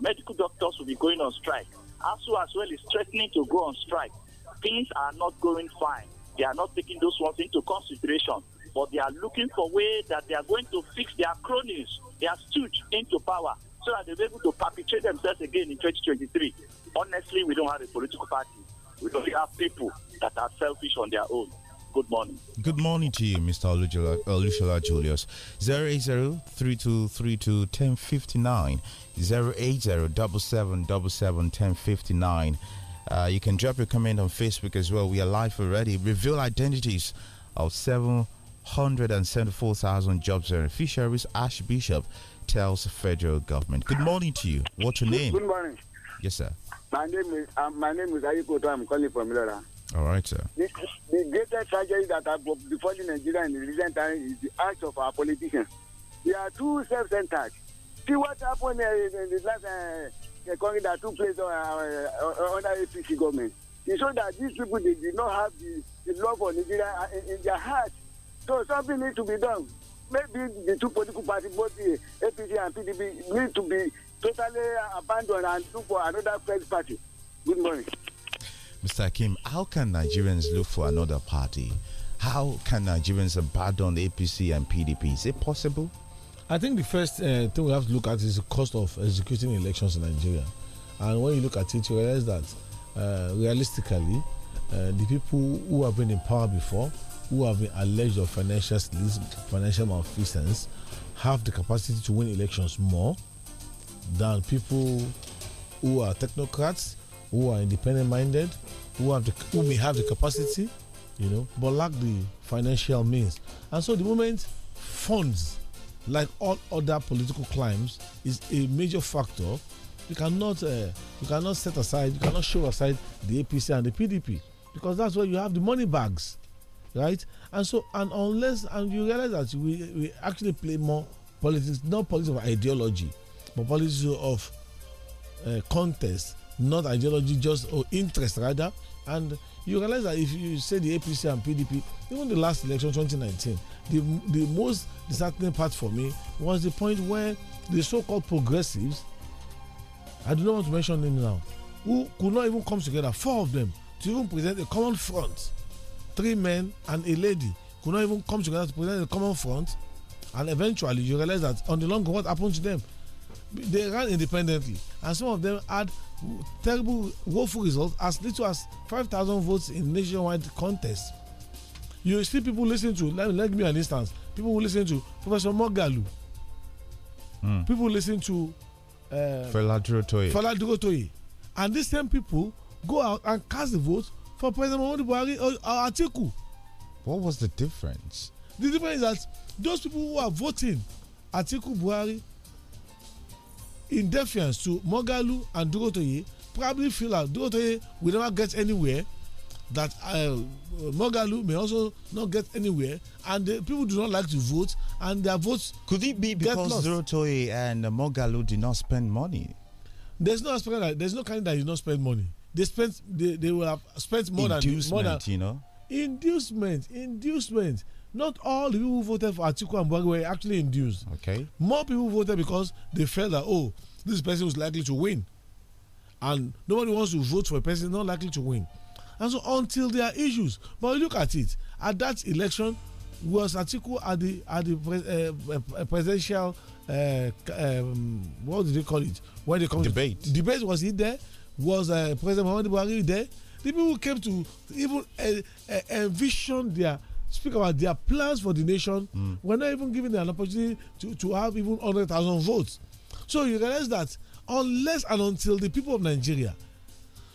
Medical doctors will be going on strike. ASU as well is threatening to go on strike. Things are not going fine. They are not taking those ones into consideration, but they are looking for ways that they are going to fix their cronies, their stooge into power, so that they're able to perpetrate themselves again in 2023. Honestly, we don't have a political party. We only have people that are selfish on their own good morning. Good morning to you, Mr. Olushola, Julius. 080-3232-1059, 80 1059 Uh, you can drop your comment on Facebook as well. We are live already. Reveal identities of 774,000 jobs Ash Archbishop tells federal government. Good morning to you. What's your name? Good morning. Yes, sir. My name is um, my name is Ayiko. I'm calling from Lora. All right, sir. The, the greatest tragedy that has befallen Nigeria in recent time is the act of our politicians. They are too self-centered. See what happened uh, in the last uh, uh Congress that took place uh, uh, under APC government. It showed that these people they did not have the, the love for Nigeria uh, in, in, their heart. So something needs to be done. Maybe the two political parties, both the APC and PDP, need to be totally abandoned and look for another third party. Good morning. Mr. Kim, how can Nigerians look for another party? How can Nigerians abandon APC and PDP? Is it possible? I think the first uh, thing we have to look at is the cost of executing elections in Nigeria. And when you look at it, you realize that uh, realistically, uh, the people who have been in power before, who have been alleged of financial financial malfeasance, have the capacity to win elections more than people who are technocrats who are independent minded, who have the, who may have the capacity, you know, but lack the financial means. And so the moment funds, like all other political climes, is a major factor. You cannot uh, you cannot set aside, you cannot show aside the APC and the PDP because that's where you have the money bags, right? And so and unless and you realize that we we actually play more politics, not politics of ideology, but politics of uh, contest not ideology, just or oh, interest rather. And you realize that if you say the APC and PDP, even the last election 2019, the, the most disheartening part for me was the point where the so called progressives, I do not want to mention them now, who could not even come together, four of them, to even present a common front. Three men and a lady could not even come together to present a common front. And eventually, you realize that on the long run, what happened to them? they ran independently, and some of them had terrible, woeful results, as little as 5,000 votes in nationwide contests. You see people listening to, let, let me give you an instance, people listening listen to Professor Mogalu, mm. people listen to uh, eh, Feladuro Toye. Feladuro And these same people go out and cast the vote for President Muhammadu Buhari or, uh, or uh, Atiku. What was the difference? The difference is that those people who are voting Atiku Buhari in deference to Mogalu and Durotoye, probably feel that Durotoye will never get anywhere, that uh, Mogalu may also not get anywhere, and the people do not like to vote, and their votes. Could it be because Durotoye and uh, Mogalu did not spend money? There's no aspect that there's no kind that did not spend money. They spent they, they will have spent more inducement, than inducement. you know inducement inducement Not all the people who voted for Atiku and Buhari were actually induced. Okay. More people voted because they felt that, oh, this person was likely to win. And nobody wants to vote for a person not likely to win. And so until there are issues. But look at it. At that election, was Atiku at the, at the uh, uh, uh, presidential, uh, um, what did they call it? When they come debate. To, debate, was he there? Was uh, President Muhammad Buhari there? The people who came to even uh, envision their speak about their plans for the nation. Mm. We're not even given an opportunity to, to have even 100,000 votes. So you realize that unless and until the people of Nigeria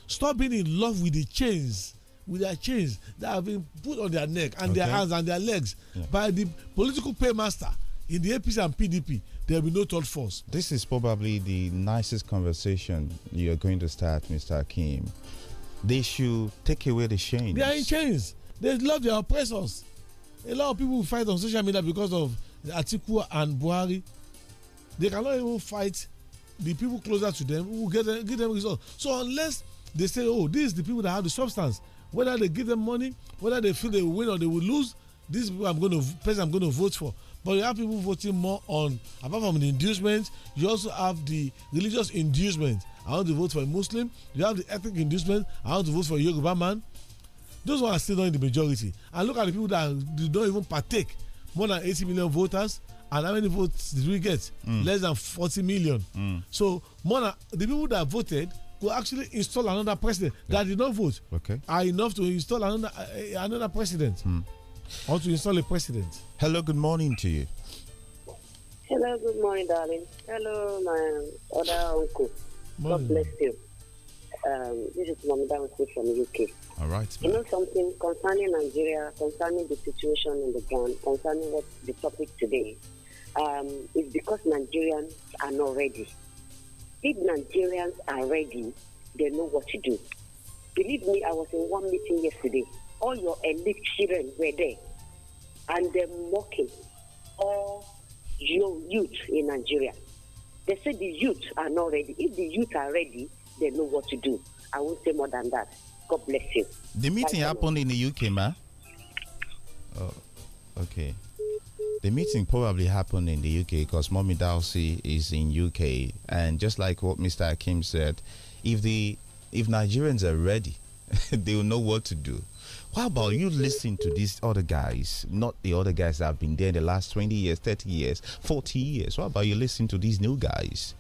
stop being in love with the chains, with their chains that have been put on their neck and okay. their hands and their legs yeah. by the political paymaster in the APC and PDP, there will be no third force. This is probably the nicest conversation you're going to start, Mr. Akim. They should take away the chains. They are in chains. They love their oppressors. A lot of people fight on social media because of Atiku and Buhari. They cannot even fight the people closer to them who get them, give them results. So unless they say, oh, this is the people that have the substance, whether they give them money, whether they feel they will win or they will lose, these people I'm going to person I'm going to vote for. But you have people voting more on apart from the inducement, you also have the religious inducement. I want to vote for a Muslim. You have the ethnic inducement. I want to vote for a Yoruba man. Those ones are still not in the majority. And look at the people that don't even partake. More than 80 million voters. And how many votes did we get? Mm. Less than 40 million. Mm. So more than the people that voted could actually install another president yeah. that did not vote. Okay. Are enough to install another uh, another president. Mm. Or to install a president. Hello, good morning to you. Hello, good morning, darling. Hello, my other uncle. Morning. God bless you. Um, this is Mohammed Hussein from UK. All right. You know something concerning Nigeria, concerning the situation in the ground, concerning what the topic today um, is because Nigerians are not ready. If Nigerians are ready, they know what to do. Believe me, I was in one meeting yesterday. All your elite children were there, and they're mocking all your youth in Nigeria. They said the youth are not ready. If the youth are ready, they know what to do. I won't say more than that. God bless you. The meeting happened in the UK, ma. Oh, okay. The meeting probably happened in the UK because Mommy Dalsey is in UK, and just like what Mr. Akim said, if the if Nigerians are ready, they will know what to do. How about you listen to these other guys, not the other guys that have been there the last 20 years, 30 years, 40 years? What about you listen to these new guys?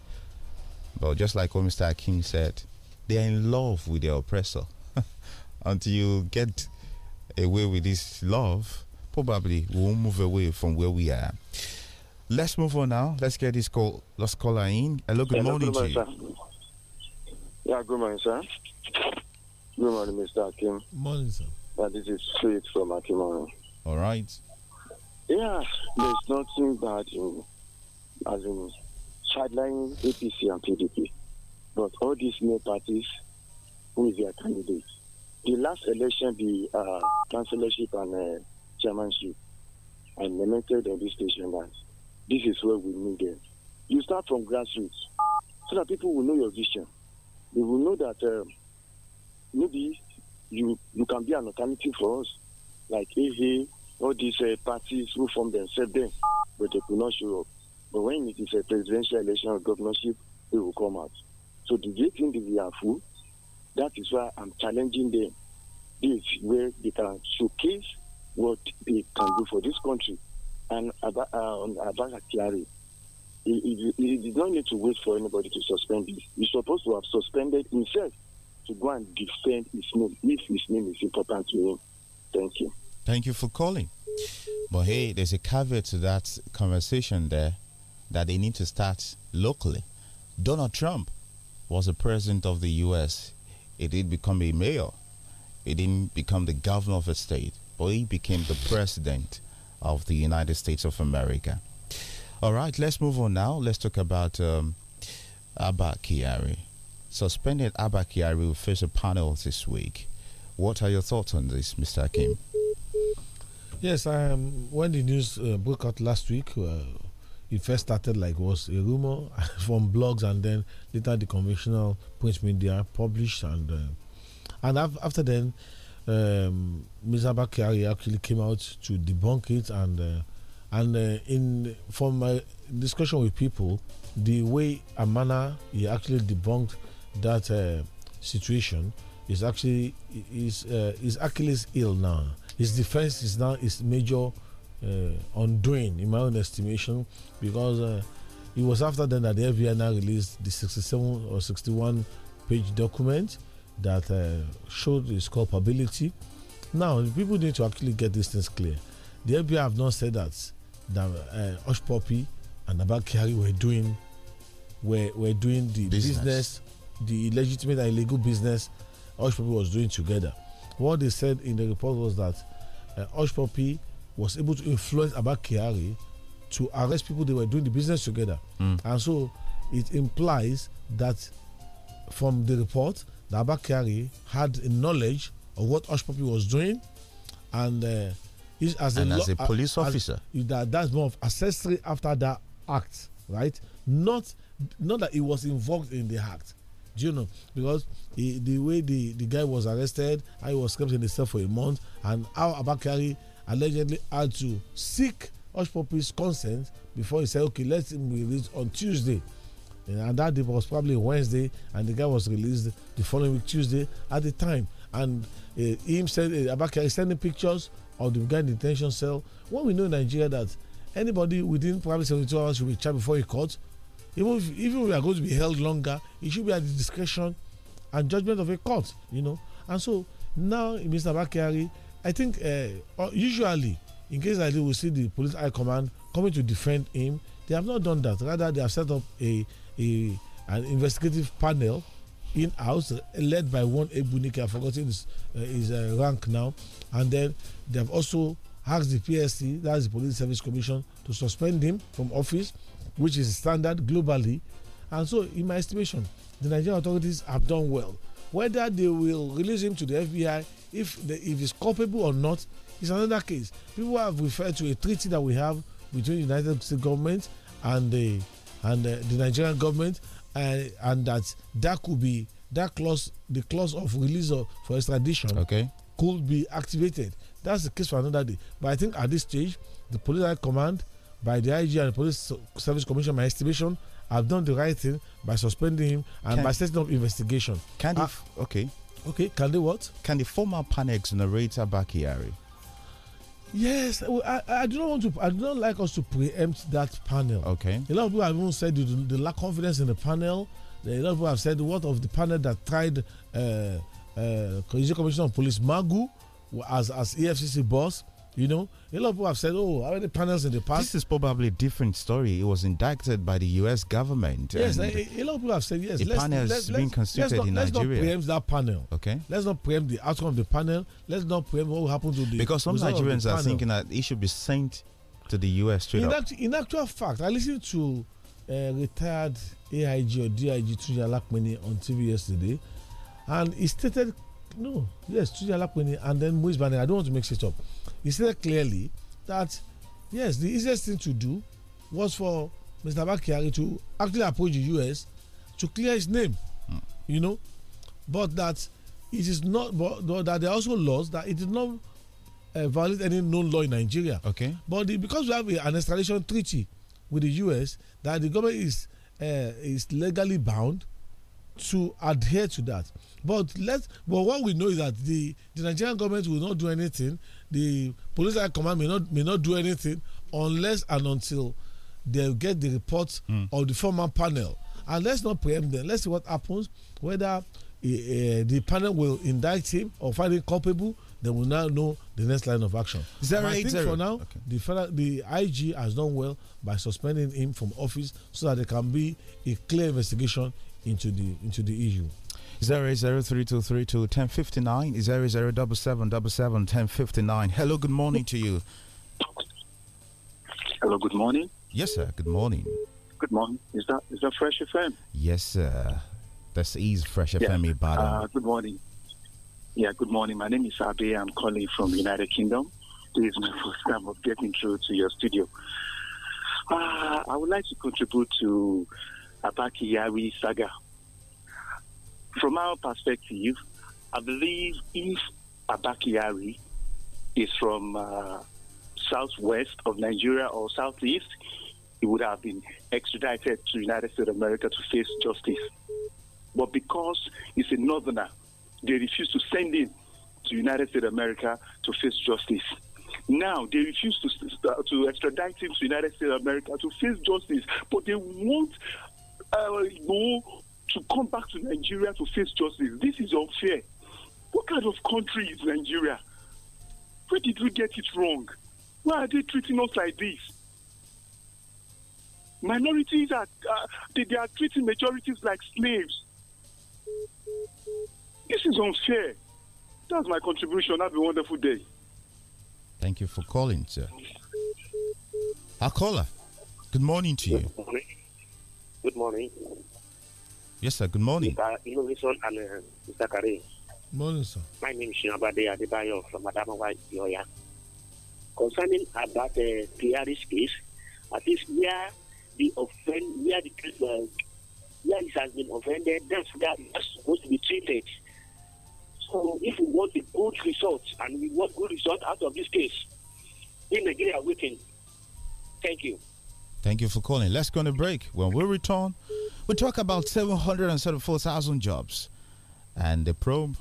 But just like what Mr. Akim said, they are in love with their oppressor. Until you get away with this love, probably we will move away from where we are. Let's move on now. Let's get this call. Let's call her in. Hello, good Hello, morning good to you. Sir. Yeah, good morning, sir. Good morning, Mr. Akim. Morning, sir. this is Sweet from Akimori. All right. Yeah, there's nothing bad in, as in sideline APC and PDP. But all these new parties, who is their candidate? The last election, the uh, chancellorship and uh, chairmanship, I lamented on this station that this is where we need them. You start from grassroots so that people will know your vision. They will know that um, maybe you you can be an alternative for us, like AV, all these uh, parties who form themselves then, but they could not show up. But when it is a presidential election or governorship, they will come out. So do they think they are fool? That is why I'm challenging them. This where they can showcase what they can do for this country. And about uh, um, he, he did not need to wait for anybody to suspend him. He's supposed to have suspended himself to go and defend his name if his name is important to him. Thank you. Thank you for calling. But hey, there's a caveat to that conversation there that they need to start locally. Donald Trump was the president of the U.S. He didn't become a mayor. He didn't become the governor of a state, but he became the president of the United States of America. All right, let's move on now. Let's talk about um, Abba Kiari. Suspended Abba Kiari will face a panel this week. What are your thoughts on this, Mr. Akim? Yes, um, when the news uh, broke out last week, uh, it first started like was a rumor from blogs, and then later the conventional print media published, and uh, and af after then, um, Ms. Abakari actually came out to debunk it, and uh, and uh, in from my discussion with people, the way and manner he actually debunked that uh, situation is actually is uh, is Achilles ill now. His defense is now his major uh, undoing, in my own estimation, because uh, it was after then that the FBI now released the 67 or 61 page document that uh, showed his culpability. Now, people need to actually get these things clear. The FBI have not said that that uh, Osh Poppy and Abakari were doing were, were doing the business. business the illegitimate and illegal business Osh Poppy was doing together. What they said in the report was that uh, Osh Poppy was able to influence Abakari to arrest people they were doing the business together. Mm. And so it implies that from the report, that Abba had a knowledge of what Oshpopi was doing and uh, as, and a, as a police as, officer. As, that, that's more of accessory after that act, right? Not not that he was involved in the act. Do you know? Because he, the way the, the guy was arrested, I was kept in the cell for a month, and how Abakari allegedly had to seek Hush Puppi's consent before he said, okay, let him release on Tuesday. And that day was probably Wednesday, and the guy was released the following week, Tuesday, at the time. And uh, him said, uh, is sending pictures of the guy in the detention cell. When we know in Nigeria that anybody within probably 72 hours should be charged before a court, even if, even if we are going to be held longer, it should be at the discretion and judgment of a court, you know. And so now Mr. Bakari I think uh, uh, usually, in case like this, we see the police high command coming to defend him. They have not done that. Rather, they have set up a, a an investigative panel in house led by one Ebunike. I've forgotten his, uh, his uh, rank now. And then they have also asked the PSC, that's the Police Service Commission, to suspend him from office, which is standard globally. And so, in my estimation, the Nigerian authorities have done well. Whether they will release him to the FBI if the, if it's culpable or not is another case. People have referred to a treaty that we have between the United States government and the and the, the Nigerian government, and that that could be that clause, the clause of release of, for extradition, okay. could be activated. That's the case for another day. But I think at this stage, the police high command, by the IG and the police service commission, my estimation, have done the right thing by suspending him and Can by setting up investigation. Can of, uh, okay. Okay, can they what? Can the former PAN exonerate Abakari? Yes, I, I do not want to. I do not like us to preempt that panel. Okay. A lot of people have even said the, the lack confidence in the panel. A lot of people have said what of the panel that tried uh, uh, Commission of Police Magu as as EFCC boss. You know, a lot of people have said, "Oh, how many panels in the past?" This is probably a different story. It was indicted by the U.S. government. Yes, a, a, lot of people have said yes. the let's, panel has been constituted not, in let's Nigeria. Let's not preempt that panel. Okay. Let's not preempt the outcome of the panel. Let's not preempt what will happen to the because some Nigerians are thinking that it should be sent to the U.S. straight in up. Act, in actual fact, I listened to uh, retired AIG or DIG Tunja Lakmani on TV yesterday, and he stated no, yes, Tunde Alakpini and then Moise I don't want to mix it up. He said clearly that yes, the easiest thing to do was for Mr. Bakari to actually approach the US to clear his name, mm. you know, but that it is not, but that there are also laws that it did not uh, violate any known law in Nigeria. Okay. But the, because we have a, an extradition treaty with the US, that the government is uh, is legally bound to adhere to that. But let but what we know is that the the Nigerian government will not do anything. The police command may not may not do anything unless and until they get the report mm. of the former panel. And let's not preempt them. Let's see what happens. Whether uh, the panel will indict him or find him culpable, they will now know the next line of action. Zero and I think for now, okay. the federal, the IG has done well by suspending him from office so that there can be a clear investigation into the into the issue. Zero zero three two three two ten fifty nine zero zero double seven double seven ten fifty nine. Hello, good morning to you. Hello, good morning. Yes, sir. Good morning. Good morning. Is that is that Fresh FM? Yes, sir. This is Fresh yeah. FM Uh, good morning. Yeah, good morning. My name is Abe. I'm calling from United Kingdom. This is my first time of getting through to your studio. Uh, I would like to contribute to Yari saga from our perspective, I believe if Abakiari is from uh, southwest of Nigeria or southeast, he would have been extradited to United States of America to face justice. But because he's a northerner, they refuse to send him to United States of America to face justice. Now they refuse to uh, to extradite him to United States of America to face justice, but they won't uh, to come back to Nigeria to face justice. This is unfair. What kind of country is Nigeria? Where did we get it wrong? Why are they treating us like this? Minorities are uh, they, they are treating majorities like slaves. This is unfair. That's my contribution. Have a wonderful day. Thank you for calling, sir. Akola. good morning to you. Good morning. Good morning. Yes, sir. Good morning. Mr. Innovation and uh, Mr. Karim. Morning, sir. My name is Shinabade Adebayo from Adamawa, Yoya. Concerning about the uh, PR's case, at least where the offend, where the uh, where it has been offended, that's where it's supposed to be treated. So if we want the good results and we want good result out of this case, in Nigeria we can. Thank you. Thank you for calling. Let's go on a break. When we return, we talk about 774,000 jobs and the probe,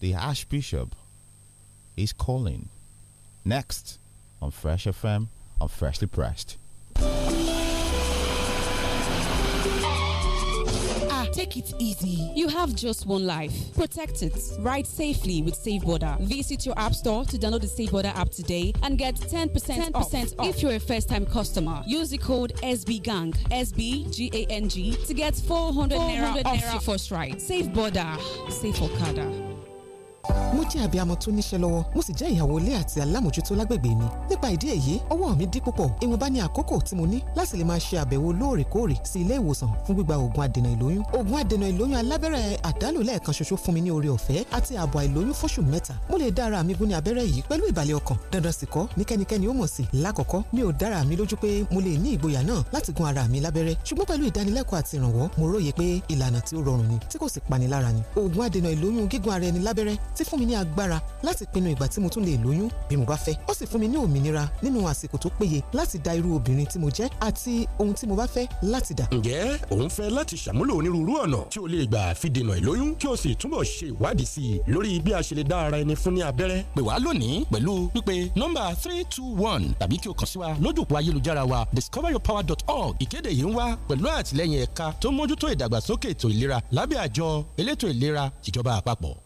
the Archbishop is calling. Next on Fresh FM on Freshly Pressed. Take it easy. You have just one life. Protect it. Ride safely with Safe Border. Visit your app store to download the Safe Border app today and get 10%, 10% off. off. if you're a first time customer. Use the code SBGANG, SBGANG, to get 400, 400 naira, naira off your first ride. Safe Border. Safe Okada. mo jẹ́ abiyamọ tó níṣẹ́ lọ́wọ́ mo sì jẹ́ ìyàwó ilé àti alámòjútó lágbègbè mi nípa ìdí èyí ọwọ́ mi dí púpọ̀ ìwọ̀nba ni àkókò tí mo ní láti lè máa ṣe àbẹ̀wò lóòrèkóòrè sí ilé ìwòsàn fún gbígba oògùn adènà ìlóyún oògùn adènà ìlóyún alábẹ́rẹ́ àdálò lẹ́ẹ̀kan ṣoṣo fún mi ní oore ọ̀fẹ́ àti ààbò àìlóyún fóṣù mẹ́ta mo lè dára mi gún ní abẹ́rẹ́ yìí pẹ̀lú ìbàlẹ̀ ọkàn dandan sì kọ́ ní kẹ́nikẹ́ni ó mọ̀ sí lákọ̀ọ́kọ́ mi ò dára mi lójú pé mo lè ní ìgboyà náà láti gún ara mi lábẹ́rẹ́ ṣùgbọ́n pẹ̀lú ìdánilẹ́kọ̀ọ́ àti ìrànwọ́ mo róye pé ìlànà tí ó rọrùn ni tí kò sì panilára ni oògùn adènà ìlóyún gígún ara ẹni lábẹ́rẹ́ tí fún mi ní agbára láti pinnu ìgbà tí mo tún lè lóyún bí mo bá fẹ́ ó sì fún mi ní òmìnira nínú àsìkò tó péye láti da irú obìnrin tí mo jẹ́ àti ohun tí mo bá fẹ́ láti dà. ǹjẹ́ òun fẹ́ láti ṣàmúlò onírúurú ọ̀nà tí o lè gbà fi dènà ìlóyún kí o sì túbọ̀ ṣe ìwádìí sí i lórí bí a ṣe lè dá ara ẹni fún ní abẹ́rẹ́ pè wá lónìí pẹ̀lú pípe nọ́mbà three two one tàbí kí o kàn sí wa lójú òpó ayélujára wa discoveryourpower.org ìkéde yìí ń wá pẹ̀lú àtìlẹ́yìn ẹ̀ka tó mójútó ìdàgbàsókè ètò ìlera lábẹ́ àjọ elétò ìlera ìjọba àpapọ̀.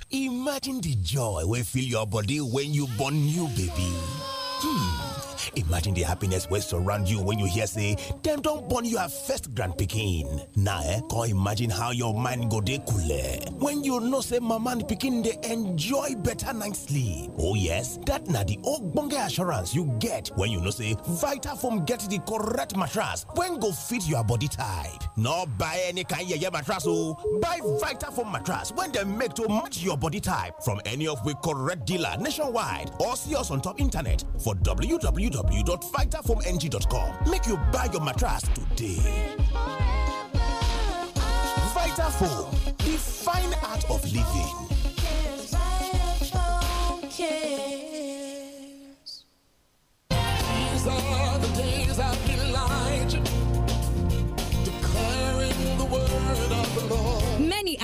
Imagine the joy will fill your body when you born new baby. Hmm. Imagine the happiness wey surround you when you hear say dem don you your first grand pekin. Now, eh, come imagine how your mind go dekulé when you know say mama and pikin they enjoy better nights sleep. Oh yes, that na the ogbonge assurance you get when you know say Vitafoam get the correct mattress when go fit your body type. No buy any kind of yeye mattress oh, buy Vitafoam mattress when they make to match your body type from any of we correct dealer nationwide or see us on top internet for www www.vitafoamng.com. Make you buy your mattress today. Vitafoam, the fine art of living. These are the days I've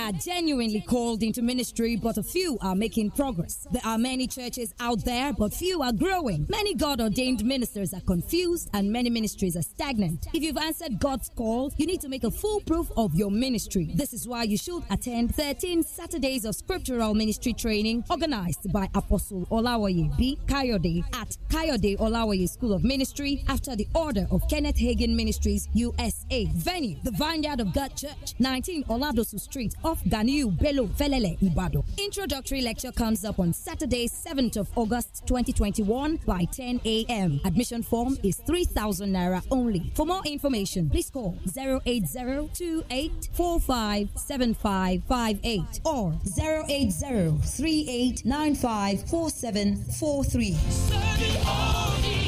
are genuinely called into ministry, but a few are making progress. There are many churches out there, but few are growing. Many God ordained ministers are confused, and many ministries are stagnant. If you've answered God's call, you need to make a foolproof of your ministry. This is why you should attend 13 Saturdays of scriptural ministry training organized by Apostle Olawaye B. Kayode at Kayode Olawaye School of Ministry after the order of Kenneth Hagen Ministries USA. Venue, the Vineyard of God Church, 19 Oladosu Street, off of Ganiu Velele Ibado. Introductory lecture comes up on Saturday, 7th of August 2021 by 10 a.m. Admission form is 3,000 naira only. For more information, please call 08028457558 or 08038954743.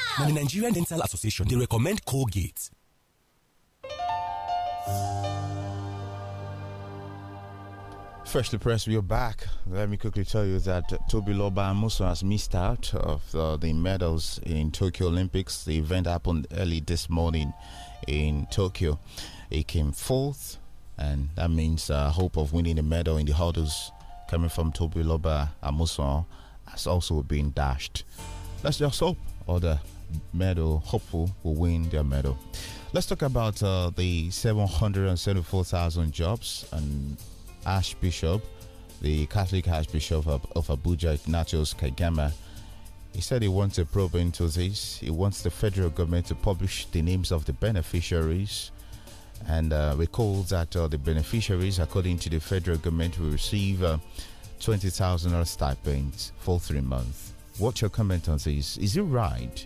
Now, the Nigerian Dental Association, they recommend Colgate. Freshly pressed, we are back. Let me quickly tell you that Toby Loba Muso has missed out of the medals in Tokyo Olympics. The event happened early this morning in Tokyo. He came fourth, and that means uh, hope of winning a medal in the hurdles coming from Toby Loba Amuson has also been dashed. Let's just hope other medal, hopeful will win their medal. Let's talk about uh, the 774,000 jobs and Archbishop, the Catholic Archbishop of, of Abuja, Ignatius Kagama. He said he wants a probe into this. He wants the federal government to publish the names of the beneficiaries and uh, recall that uh, the beneficiaries, according to the federal government, will receive uh, $20,000 stipends for three months. What's your comment on this? Is it right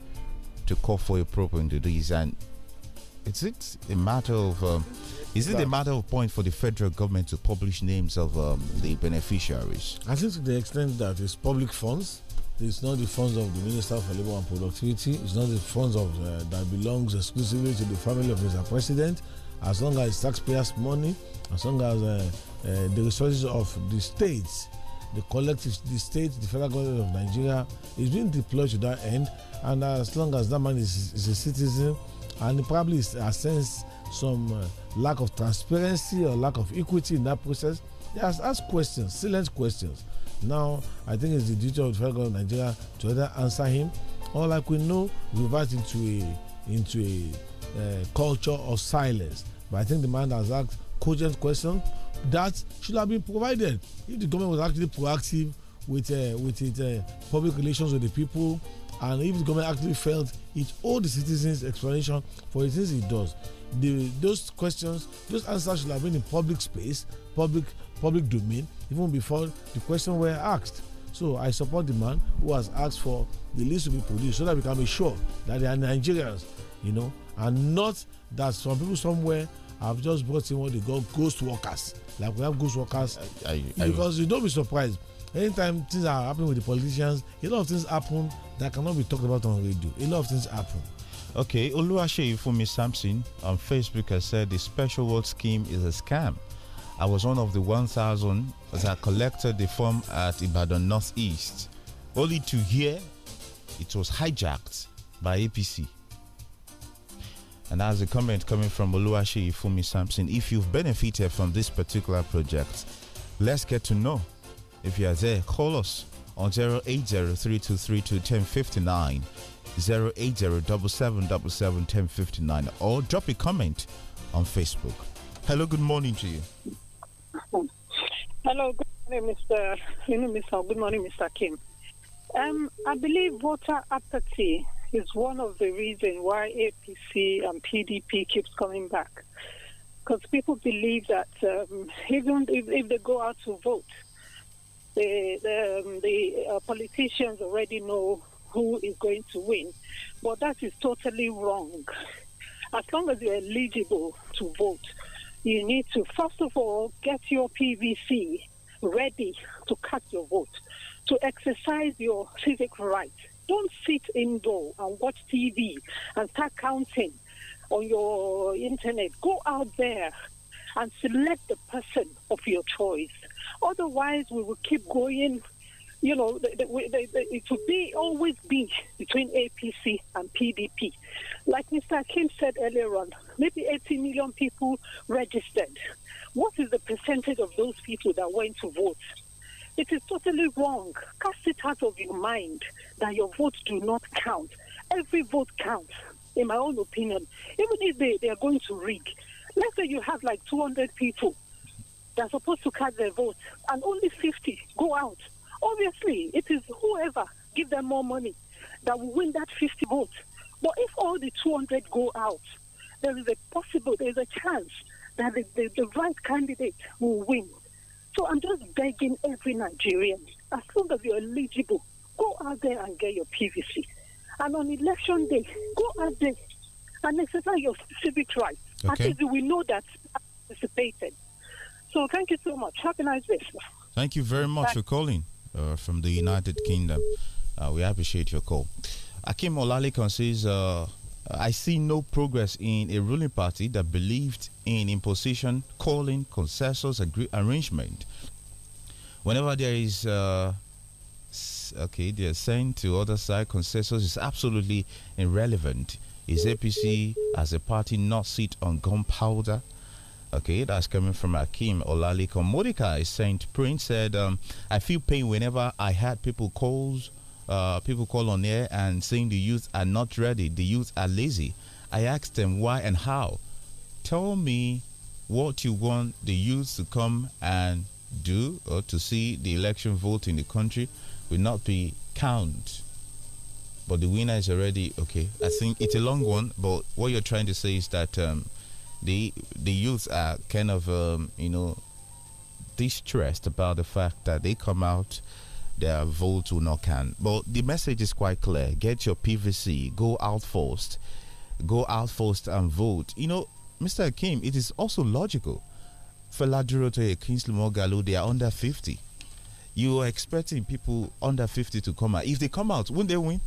to call for a proper release and is it a matter of um, is it a matter of point for the federal government to publish names of um, the beneficiaries? I think to the extent that it's public funds, it's not the funds of the Minister for Labour and Productivity, it's not the funds of uh, that belongs exclusively to the family of Mr. President. As long as taxpayers' money, as long as uh, uh, the resources of the states the collective, the state, the federal government of Nigeria is being deployed to that end, and as long as that man is, is a citizen, and probably has sensed some uh, lack of transparency or lack of equity in that process, he has asked questions, silent questions. Now, I think it's the duty of the federal government of Nigeria to either answer him, or like we know, revert into a into a uh, culture of silence. But I think the man has asked cogent questions that should have been provided if the government was actually proactive with uh, with its uh, public relations with the people and if the government actually felt it owed the citizens explanation for the things it does the those questions those answers should have been in public space public public domain even before the question were asked so i support the man who has asked for the list to be produced so that we can be sure that they are nigerians you know and not that some people somewhere I've just brought in what they call ghost workers. Like we have ghost workers. I, I, because I, you don't be surprised. Anytime things are happening with the politicians, a lot of things happen that cannot be talked about on radio. A lot of things happen. Okay, Oluwashe Ifumi Sampson on Facebook has said the special work scheme is a scam. I was one of the 1,000 that collected the form at Ibadan Northeast, only to hear it was hijacked by APC. And that's a comment coming from Oluwashi Ifumi Sampson. If you've benefited from this particular project, let's get to know. If you are there, call us on 08032321059, 1059 or drop a comment on Facebook. Hello, good morning to you. Hello, good morning, Mr. You know, Mr. Good morning, Mr. Kim. Um, I believe water apathy is one of the reasons why APC and PDP keeps coming back. Because people believe that um, even if, if, they go out to vote, the, the, um, the uh, politicians already know who is going to win. But that is totally wrong. As long as you're eligible to vote, you need to, first of all, get your PVC ready to cast your vote, to exercise your civic right don't sit indoor and watch TV and start counting on your internet. Go out there and select the person of your choice. Otherwise, we will keep going. You know, the, the, the, it will be always be between APC and PDP. Like Mr. Kim said earlier on, maybe 80 million people registered. What is the percentage of those people that went to vote? It is totally wrong. Cast it out of your mind that your votes do not count. Every vote counts, in my own opinion. Even if they, they are going to rig, let's say you have like 200 people that are supposed to cast their vote, and only 50 go out. Obviously, it is whoever give them more money that will win that 50 votes. But if all the 200 go out, there is a possible, there is a chance that the, the, the right candidate will win. So I'm just begging every Nigerian, as long as you're eligible, go out there and get your PVC. And on election day, go out there and exercise your civic rights. Okay. At least we know that participated. So thank you so much. Have a nice day. Thank you very much Bye. for calling uh, from the United Kingdom. Uh, we appreciate your call. Akim Olalekan says, uh, I see no progress in a ruling party that believed in imposition, calling, consensus, arrangement. Whenever there is, uh, okay, they are saying to other side, consensus is absolutely irrelevant. Is APC as a party not sit on gunpowder? Okay, that's coming from Akim Olaliko Modica. Saint Prince said, um, I feel pain whenever I had people calls uh, people call on here and saying the youth are not ready, the youth are lazy. I asked them why and how. Tell me what you want the youth to come and do or to see the election vote in the country will not be count. But the winner is already okay. I think it's a long one, but what you're trying to say is that um, the the youths are kind of um, you know distressed about the fact that they come out their vote will not count. But the message is quite clear: get your PVC, go out first, go out first and vote. You know, Mr. Kim, it is also logical. For Feladuro to Kingsley Mogalu, they are under 50. You are expecting people under 50 to come out. If they come out, won't they win?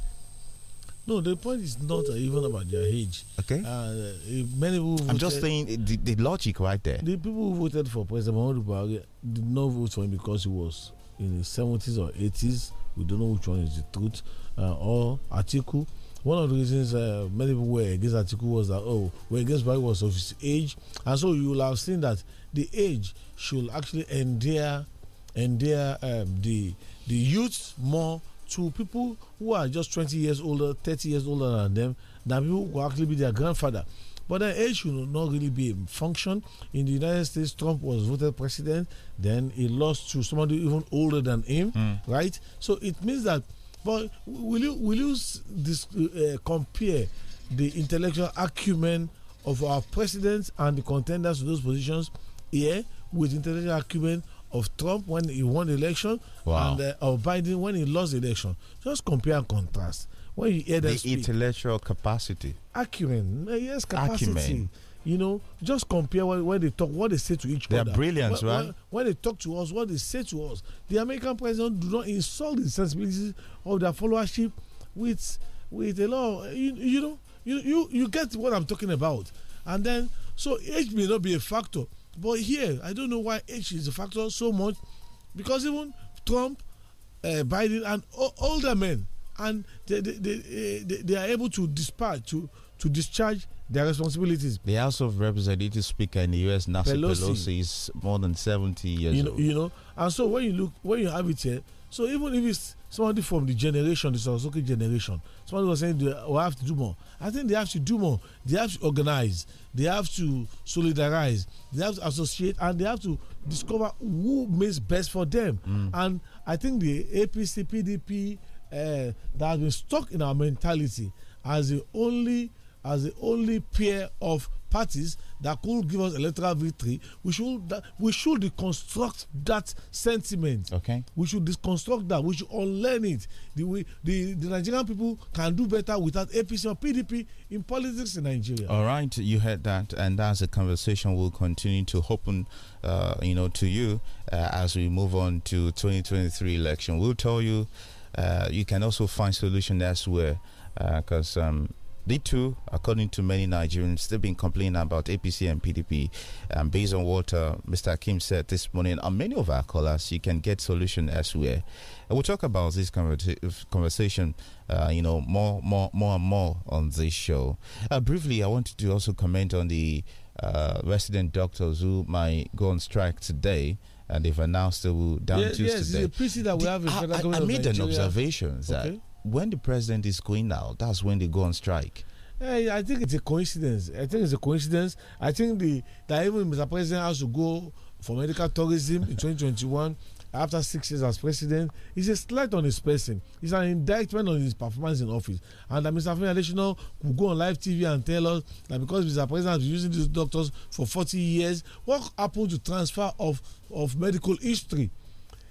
No, the point is not uh, even about their age. Okay. Uh, uh many people. I'm just saying the, the, logic right there. The people who voted for President Mahmoud did not vote for him because he was in the 70s or 80s. We don't know which one is the truth. Uh, or Atiku. One of the reasons uh, many people were against Atiku was that, oh, we against by was of his age. And so you will have seen that the age should actually endear, endear um, the, the youth more to people who are just 20 years older, 30 years older than them, than people who will actually be their grandfather. But the age should not really be a function. In the United States, Trump was voted president. Then he lost to somebody even older than him, mm. right? So it means that. But will you will you this, uh, compare the intellectual acumen of our presidents and the contenders to those positions here with intellectual acumen of Trump when he won the election wow. and uh, of Biden when he lost the election. Just compare and contrast. When you hear them the speak, intellectual capacity, acumen, eh, yes, capacity. Acumen. You know, just compare when, when they talk, what they say to each they other. They are brilliant, when, right? When, when, they talk to us, what they say to us. The American president do not insult the sensibilities of their followership with with a lot. Eh, you, you know, you you you get what I'm talking about. And then, so age may not be a factor, but here I don't know why age is a factor so much, because even Trump, uh, Biden, and older men and they, they, eh, they, they are able to dispatch to to discharge their responsibilities. The House of Representatives Speaker in the U.S. Nancy Pelosi, Pelosi is more than seventy years you know, old. You know, and so when you look, when you have it here, so even if it's somebody from the generation, the Sorosoki generation, somebody was saying they will have to do more. I think they have to do more. They have to organize. They have to solidarize. They have to associate, and they have to discover who makes best for them. Mm. And I think the APC, PDP, uh, that has been stuck in our mentality as the only as the only pair of parties that could give us electoral victory we should we should deconstruct that sentiment okay we should deconstruct that we should unlearn it the way the, the nigerian people can do better without apc or pdp in politics in nigeria all right you heard that and that's a conversation we'll continue to open uh, you know to you uh, as we move on to 2023 election we'll tell you uh, you can also find solution elsewhere because uh, um, the two, according to many Nigerians, they've been complaining about APC and PDP. And um, based on what uh, Mr. Kim said this morning, On many of our callers, you can get solution elsewhere. And we'll talk about this conversation, uh, you know, more, more, more and more on this show. Uh, briefly, I wanted to also comment on the uh, resident doctors who might go on strike today and they've announced they will down yeah, Tuesday. Yes, the precinct that we the, have I, made an observation that okay. when the president is going out, that's when they go on strike. I think it's a coincidence. I think it's a coincidence. I think the that even Mr. President has to go for medical tourism in 2021 after six years as president is a slight on his person. It's an indictment on his performance in office. And that Mr. Femi Adesina could go on live TV and tell us that because Mr. President has been using these doctors for 40 years, what happened to transfer of, of medical history?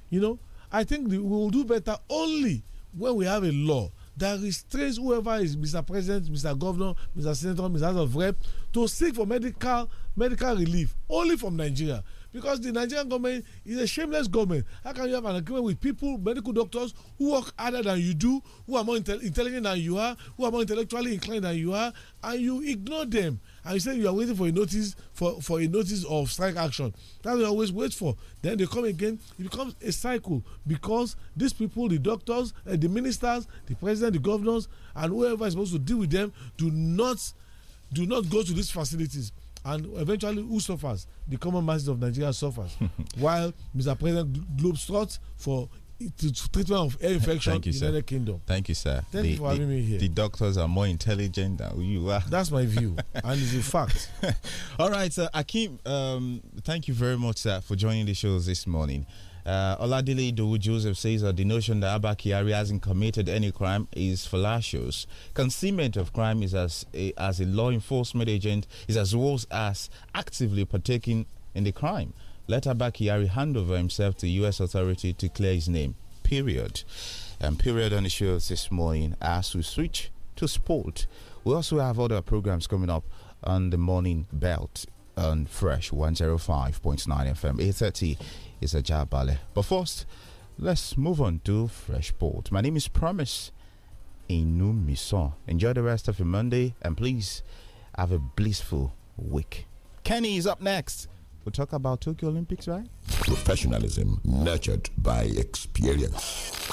You know, I think we will do better only when we have a law that restrains whoever is Mr. President, Mr. Governor, Mr. Senator, Mr. House of Rep to seek for medical medical relief only from Nigeria because the Nigerian government is a shameless government. How can you have an agreement with people, medical doctors who work harder than you do, who are more inte intelligent than you are, who are more intellectually inclined than you are, and you ignore them? And you say you are waiting for a notice for, for a notice of strike action. That's what you always wait for. Then they come again. It becomes a cycle because these people, the doctors, uh, the ministers, the president, the governors, and whoever is supposed to deal with them, do not do not go to these facilities and eventually who suffers? The common masses of Nigeria suffers, while Mr. President globetrots for treatment of air infection Thank you, United Kingdom. Thank you, sir. Thank the, you for the, having me here. The doctors are more intelligent than you are. That's my view, and it's a fact. All right, sir. Akeem, um, thank you very much, sir, for joining the shows this morning. Uh, Oladile Idowu Joseph says that the notion that Abba hasn't committed any crime is fallacious. Concealment of crime is as a, as a law enforcement agent is as well as actively partaking in the crime. Let Abba hand over himself to U.S. authority to clear his name. Period. And period on the show this morning as we switch to sport. We also have other programs coming up on the morning belt on Fresh 105.9 FM, 8.30 is Ajabale. But first, let's move on to Fresh Port. My name is Promise Inumison. Enjoy the rest of your Monday and please have a blissful week. Kenny is up next. We'll talk about Tokyo Olympics, right? Professionalism nurtured by experience.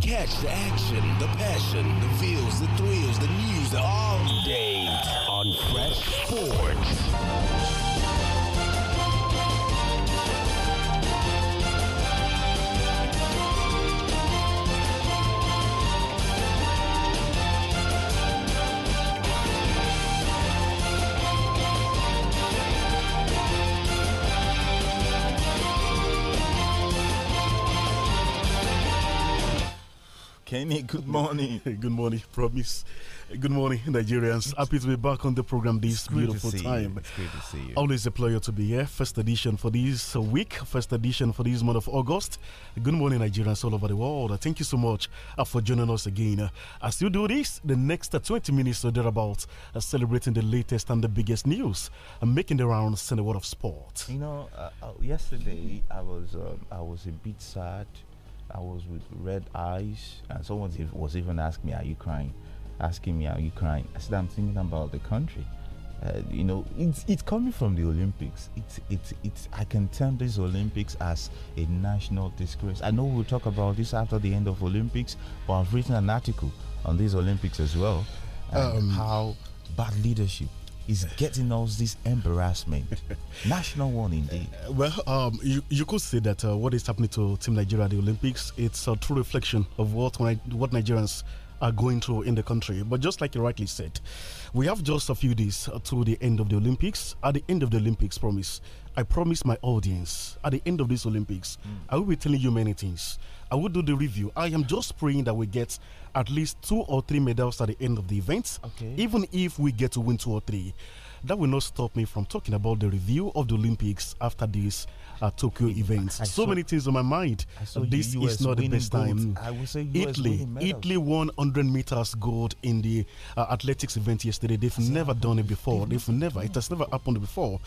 Catch the action, the passion, the feels, the thrills, the news all day on Fresh Sports. Kenny, good morning. good morning, promise. Good morning, Nigerians. Happy to be back on the program this beautiful time. You. It's great to see you. Always a pleasure to be here. First edition for this week, first edition for this month of August. Good morning, Nigerians all over the world. Thank you so much uh, for joining us again. Uh, as you do this, the next uh, 20 minutes or thereabouts, celebrating the latest and the biggest news and making the rounds in the world of sport. You know, uh, yesterday I was um, I was a bit sad I was with red eyes, and someone was even asking me, "Are you crying?" Asking me, "Are you crying?" I said, "I'm thinking about the country." Uh, you know, it's it's coming from the Olympics. It's it's it's. I can term these Olympics as a national disgrace. I know we'll talk about this after the end of Olympics, but I've written an article on these Olympics as well, um, how bad leadership is getting us this embarrassment. National one indeed. Uh, well, um, you, you could say that uh, what is happening to Team Nigeria at the Olympics, it's a true reflection of what, what Nigerians are going through in the country. But just like you rightly said, we have just a few days uh, to the end of the Olympics. At the end of the Olympics, promise, I promise my audience, at the end of these Olympics, mm. I will be telling you many things. I will do the review. I am just praying that we get at least two or three medals at the end of the event. Okay. Even if we get to win two or three, that will not stop me from talking about the review of the Olympics after this uh, Tokyo event. I so saw, many things on my mind. This US is not the best gold. time. I will say US Italy, Italy won 100 meters gold in the uh, athletics event yesterday. They've never done it before. They've never. It has never happened before.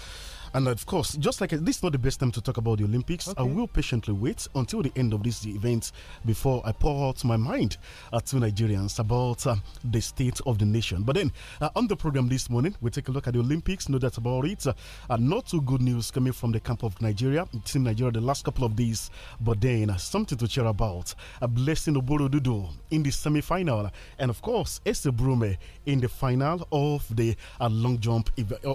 And of course, just like this is not the best time to talk about the Olympics, okay. I will patiently wait until the end of this event before I pour out my mind uh, to Nigerians about uh, the state of the nation. But then, uh, on the program this morning, we take a look at the Olympics. No, that about it. Uh, not too good news coming from the camp of Nigeria. Team Nigeria the last couple of days, but then uh, something to cheer about. A blessing of Boro Dudo in the semi final, and of course, Esther Brume in the final of the uh, long jump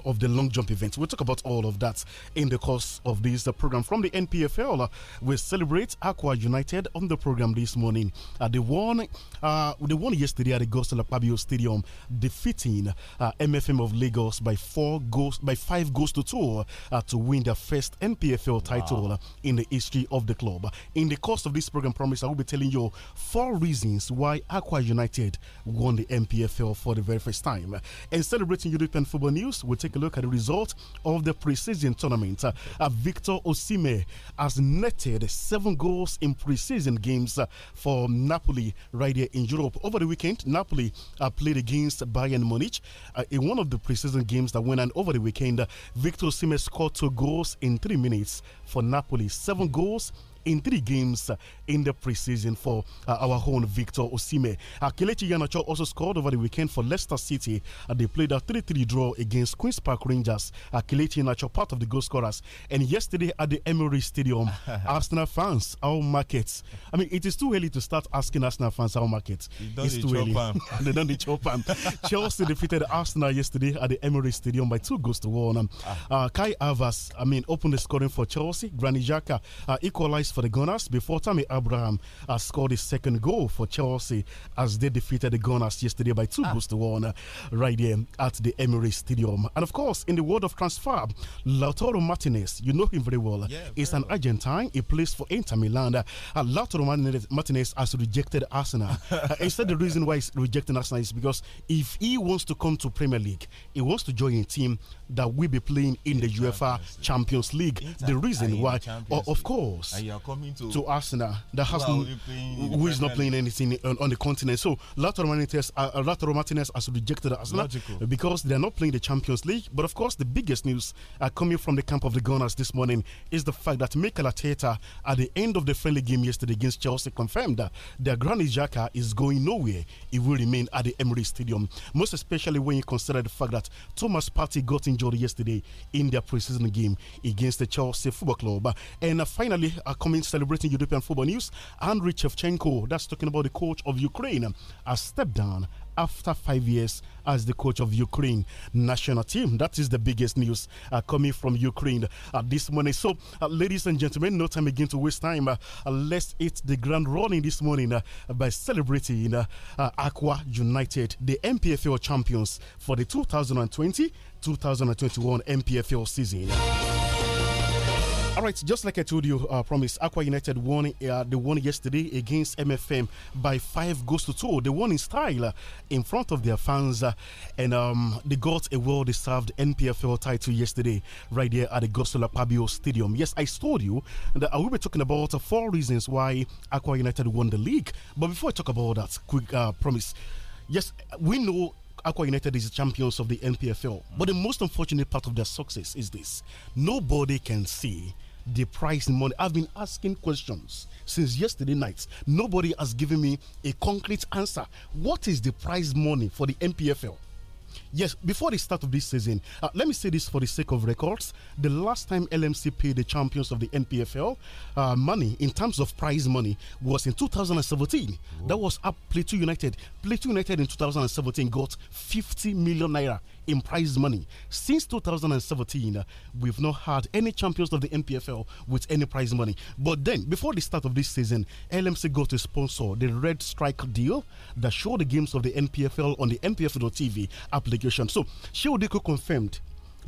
of the long jump event. We'll talk about all of that in the course of this uh, program. From the NPFL, uh, we celebrate Aqua United on the program this morning. Uh, they won, uh, they won yesterday at the Gosela Pabio Stadium, defeating MFM uh, of Lagos by four goals, by five goals to two, uh, to win their first NPFL title wow. Uh, in the history of the club. In the course of this program, promise I will be telling you four reasons why Aqua United won the NPFL for the very first time. And celebrating European football news, we'll take a look at the result of the pre season tournament. Uh, Victor Osime has netted seven goals in pre-season games uh, for Napoli right here in Europe. Over the weekend, Napoli uh, played against Bayern Munich uh, in one of the pre-season games that went on over the weekend. Victor Osime scored two goals in three minutes for Napoli, seven goals in three games in the preseason for uh, our own Victor Osime. Akelechi uh, Yanacho also scored over the weekend for Leicester City. Uh, they played a 3 3 draw against Queen's Park Rangers. Akelechi Yanacho, part of the goal scorers. And yesterday at the Emery Stadium, Arsenal fans, our markets. I mean, it is too early to start asking Arsenal fans our markets. It's too early. they don't need chop Chelsea defeated Arsenal yesterday at the Emery Stadium by two goals to one. Um, uh, Kai Avas, I mean, opened the scoring for Chelsea. Granit Xhaka uh, equalized for the Gunners before Tammy Abraham has scored his second goal for Chelsea as they defeated the Gunners yesterday by two ah. goals to one uh, right there at the Emirates Stadium. And of course, in the world of transfer, Lautaro Martinez, you know him very well, yeah, is an well. Argentine. He plays for Inter Milan. Uh, Lautaro Martinez, Martinez has rejected Arsenal. uh, instead, the reason why he's rejecting Arsenal is because if he wants to come to Premier League, he wants to join a team that will be playing in the, the UEFA Champions, Champions League. the reason why, the of course, to, to, Arsenal that has who is not playing anything on, on the continent. So Lautaro Martinez, uh, uh, Lautaro Martinez has rejected Arsenal Logical. because they are not playing the Champions League. But of course, the biggest news uh, coming from the camp of the Gunners this morning is the fact that Mikel Arteta, at the end of the friendly game yesterday against Chelsea, confirmed that their Granny Xhaka is going nowhere. He will remain at the Emirates Stadium, most especially when you consider the fact that Thomas Partey got in yesterday in their preseason game against the Chelsea Football Club. And uh, finally, uh, coming celebrating European football news, Andriy Shevchenko, that's talking about the coach of Ukraine, has stepped down after five years as the coach of Ukraine national team. That is the biggest news uh, coming from Ukraine uh, this morning. So, uh, ladies and gentlemen, no time again to waste time. Uh, uh, let's hit the ground running this morning uh, by celebrating Aqua United, the MPFL champions for the 2020 2021 MPFL season. All right, just like I told you, uh, promise, Aqua United won uh, they yesterday against MFM by five goals to two. They won in style uh, in front of their fans, uh, and um, they got a well deserved NPFL title yesterday, right there at the Gosola Pabio Stadium. Yes, I told you that I will be talking about uh, four reasons why Aqua United won the league. But before I talk about that, quick uh, promise, yes, we know Aqua United is champions of the NPFL. But the most unfortunate part of their success is this nobody can see the price in money. I've been asking questions since yesterday night. Nobody has given me a concrete answer. What is the prize money for the MPFL? Yes, before the start of this season, uh, let me say this for the sake of records. The last time LMC paid the champions of the NPFL uh, money in terms of prize money was in 2017. Whoa. That was up Plateau United. Plateau United in 2017 got 50 million naira in prize money. Since 2017, we've not had any champions of the NPFL with any prize money. But then, before the start of this season, LMC got to sponsor the Red Strike deal that showed the games of the NPFL on the NPFL.tv application. So, Sheodiko confirmed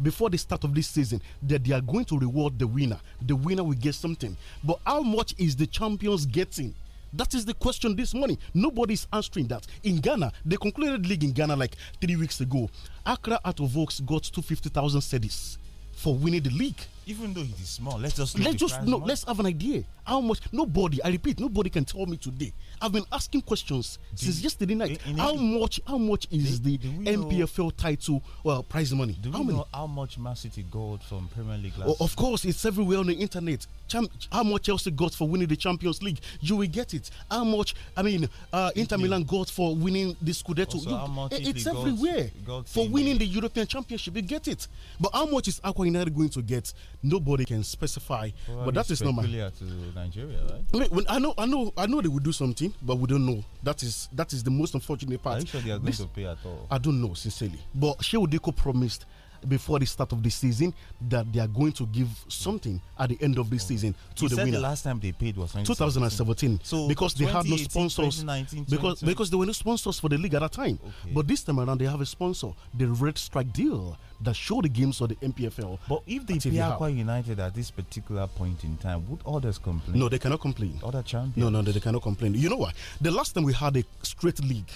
before the start of this season that they are going to reward the winner. The winner will get something. But how much is the champions getting? That is the question this morning. Nobody's answering that. In Ghana, they concluded league in Ghana like three weeks ago. Accra out of Vox got 250,000 cedis for winning the league even though it is small, let us let just no. Let's have an idea. How much? Nobody. I repeat, nobody can tell me today. I've been asking questions do since yesterday night. In, in how much? How much is do, the MPFL title? Well, uh, prize money. Do we how know how much Man City got from Premier League? Oh, of course, it's everywhere on the internet. Cham how much Chelsea got for winning the Champions League? You will get it. How much? I mean, uh, Inter Milan got for winning the Scudetto. Also, how much eh, it, it's everywhere got, got for winning the European Championship. You get it. But how much is Aqua United going to get? nobody can specify. Well, but that is normal. to Nigeria, right? I know, I know, I know they will do something, but we don't know. That is that is the most unfortunate part. Are you sure they are going this, to pay at all? I don't know, sincerely. But Sheudiko promised before the start of the season that they are going to give something at the end of the season to the winner. The last time they paid was 2017. So because they had no sponsors, because because there were no sponsors for the league at that time. Okay. But this time around, they have a sponsor, the Red Strike deal that show the games of the MPFL. But if the play United at this particular point in time, would others complain? No, they cannot complain. Other champions? No, no, they cannot complain. You know what? The last time we had a straight league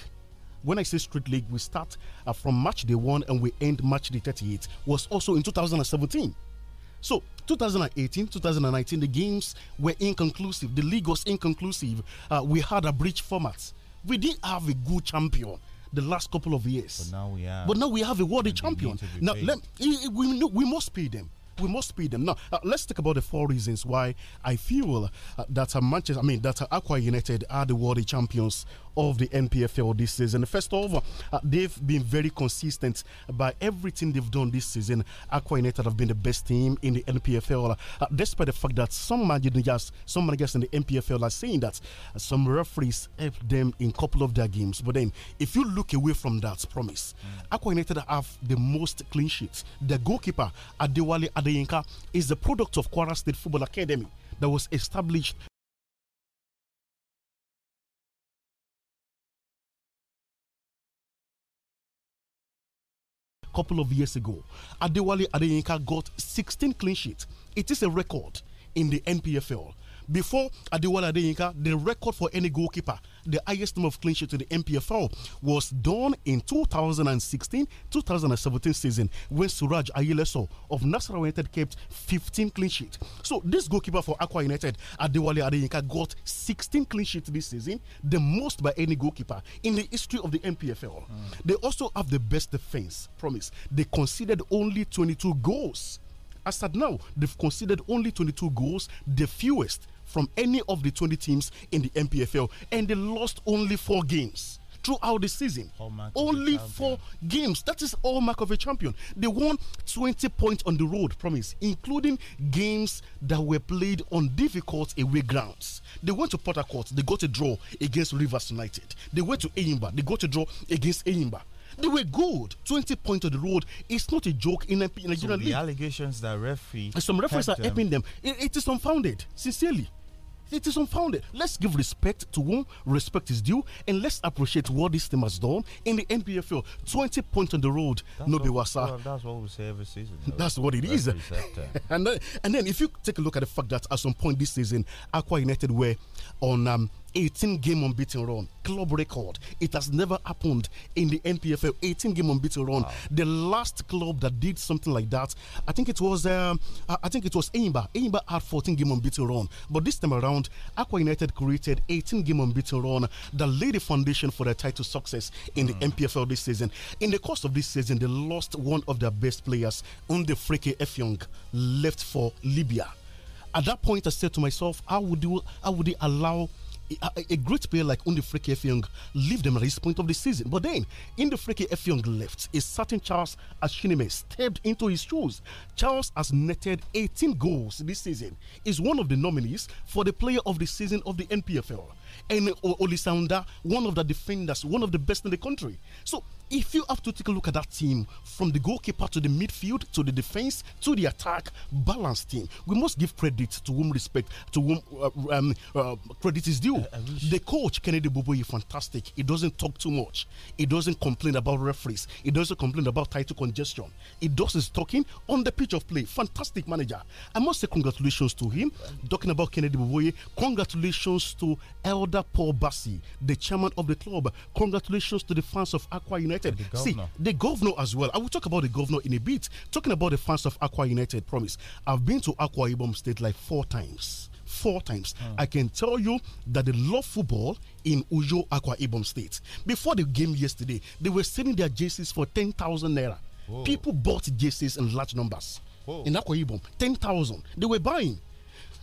when I say street league, we start uh, from match day one and we end match day 38, was also in 2017. So 2018, 2019, the games were inconclusive. The league was inconclusive. Uh, we had a breach format. We didn't have a good champion the last couple of years. But now we have. But now we have a world champion. Now let, eh, we we must pay them. We must pay them. Now uh, let's talk about the four reasons why I feel uh, that uh, Manchester, I mean that uh, Aqua United are the world champions of the NPFL this season. First of all, uh, they've been very consistent by everything they've done this season. Aqua United have been the best team in the NPFL, uh, despite the fact that some managers, some managers in the NPFL are saying that uh, some referees helped them in a couple of their games. But then, if you look away from that promise, mm. Aqua United have the most clean sheets. The goalkeeper, Adewale Adeyinka, is the product of Kwara State Football Academy that was established couple of years ago. Adewale Adeyinka got 16 clean sheets. It is a record in the NPFL. Before Adewale Adeyinka, the record for any goalkeeper, the highest number of clean sheets in the MPFL, was done in 2016-2017 season when Suraj Ayeleso of Nasarawa United kept 15 clean sheets. So this goalkeeper for Aqua United, Adewale Adeyinka, got 16 clean sheets this season, the most by any goalkeeper in the history of the MPFL. Mm. They also have the best defense. Promise. They conceded only 22 goals. As at now, they've conceded only 22 goals, the fewest from any of the 20 teams in the MPFL, and they lost only four games throughout the season. Only four games. That is all mark of a champion. They won 20 points on the road, promise, including games that were played on difficult away grounds. They went to Port they got a draw against Rivers United. They went to Edinburgh, they got a draw against Edinburgh. They were good. 20 points on the road. It's not a joke in, MP, Nigerian so the league. The allegations that referee. Some referees are them. Um, helping them. It, it is unfounded, sincerely. It is unfounded. Let's give respect to whom respect is due and let's appreciate what this team has done in the NPFL. 20 points on the road, that's Well, that's what we say every season. Though. That's what it is. and, then, and then if you take a look at the fact that at some point this season, Aqua United were on um, 18 game unbeaten run, club record. It has never happened in the NPFL. 18 game unbeaten run. Wow. The last club that did something like that, I think it was um, I think it was Eimba. Eimba had 14 game unbeaten run, but this time around, Aqua United created 18 game unbeaten run that laid the foundation for their title success in mm. the hmm. NPFL this season. In the course of this season, they lost one of their best players, Unde Freke Efyong, left for Libya. At that point, I said to myself, how would you, how would they allow? a, a great player like Undi Effiong left them at this point of the season. But then, Undifrike Effiong left. A certain Charles Ashinime stepped into his shoes. Charles has netted 18 goals this season. Is one of the nominees for the player of the season of the NPFL. And Olisanda, one of the defenders, one of the best in the country. So if you have to take a look at that team from the goalkeeper to the midfield to the defense to the attack, balanced team. We must give credit to whom respect to whom uh, um, uh, credit is due. the coach Kennedy Bobo is fantastic. He doesn't talk too much. He doesn't complain about referees. He doesn't complain about title congestion. He does his talking on the pitch of play. Fantastic manager. I must say congratulations to him. Talking about Kennedy Boboye, congratulations to Elder Paul Bassi, the chairman of the club. Congratulations to the fans of Aqua United United. The See, the governor as well. I will talk about the governor in a bit. Talking about the fans of Aqua United, promise. I've been to Aqua Ibom State like four times four times. Mm. I can tell you that they love football in Ujo Aqua Ibom State. Before the game yesterday, they were selling their jerseys for 10,000 naira. Whoa. People bought jerseys in large numbers Whoa. in Aqua Ibom, 10,000. They were buying.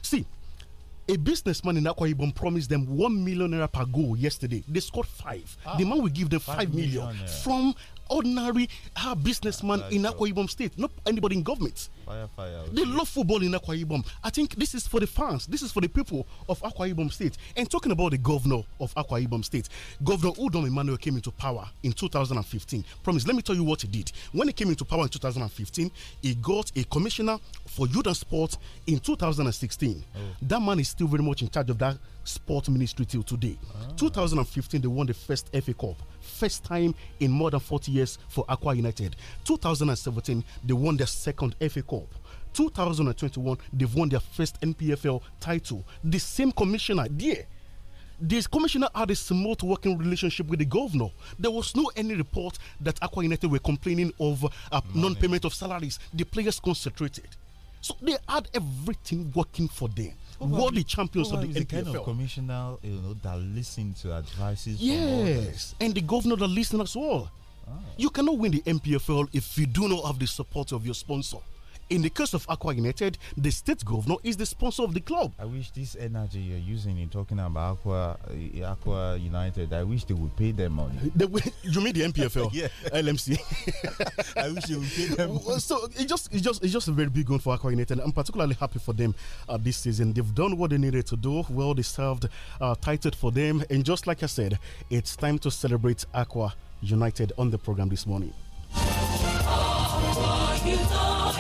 See, a businessman in Akwa Ibom promised them one million naira per goal yesterday. They scored five. Ah, the man will give them five, five million, million from ordinary uh, businessman in Akwa Ibom State, not anybody in government. Fire, fire, they love football in Akwa Ibom. I think this is for the fans. This is for the people of Akwa Ibom State. And talking about the governor of Akwa Ibom State, Governor Udom Emmanuel came into power in 2015. Promise, let me tell you what he did. When he came into power in 2015, he got a commissioner for youth and sports in 2016. Oh. That man is still very much in charge of that sports ministry till today. Ah. 2015, they won the first FA Cup, first time in more than 40 years for Aqua United. 2017, they won their second FA Cup. 2021, they've won their first NPFL title. The same commissioner there. This commissioner had a smooth working relationship with the governor. There was no any report that Aqua United were complaining of uh, non-payment of salaries. The players concentrated. So they had everything working for them. What the champions of the, the kind of commissioner you know, that listen to advices. Yes, and the governor that listen as well. Ah. You cannot win the MPFL if you do not have the support of your sponsor. In the case of Aqua United, the state governor is the sponsor of the club. I wish this energy you're using in talking about Aqua, eh, Aqua United, I wish they would pay them money. you mean the MPFL? yeah. LMC. I wish they would pay them money. So it's just, it just, it's just a very big one for Aqua United. I'm particularly happy for them uh, this season. They've done what they needed to do, well deserved uh, title for them. And just like I said, it's time to celebrate Aqua United on the program this morning. Oh,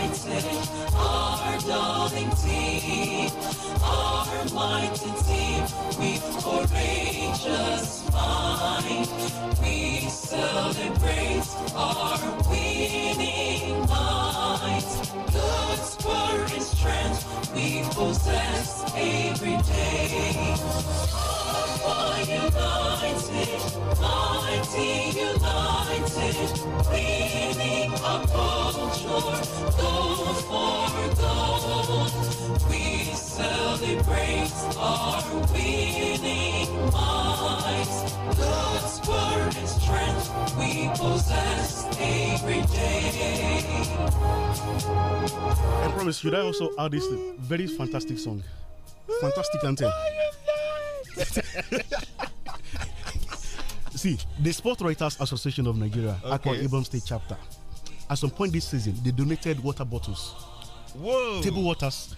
united, our darling team, our mighty team, with courageous mind, we celebrate our winning might. Good courage, strength we possess every day. Our fire Winning for gold. We celebrate our winning minds. strength we possess every day. I promise you, I also add this very fantastic song. Fantastic anthem. see, the Sport Writers Association of Nigeria, okay. Akwa Ibom State Chapter, at some point this season, they donated water bottles, Whoa. table waters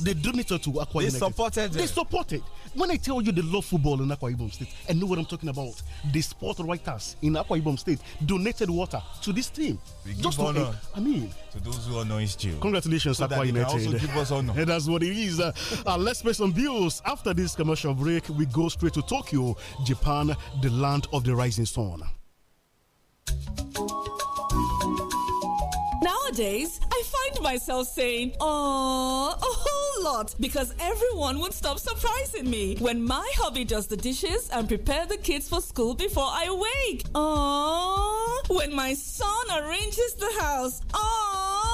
they donated to Aqua They United. supported They it. supported. When I tell you they love football in Aqua Ibom State, I know what I'm talking about. The sport writers in Aqua Ibom State donated water to this team. We Just to, honor. I mean, to those who are his still. Congratulations, so Aqua United. also give us honor. and that's what it is. Uh, uh, let's pay some bills. After this commercial break, we go straight to Tokyo, Japan, the land of the rising sun. Nowadays, I find myself saying, "Aww, a whole lot," because everyone would stop surprising me when my hubby does the dishes and prepare the kids for school before I wake. Aww, when my son arranges the house. Aww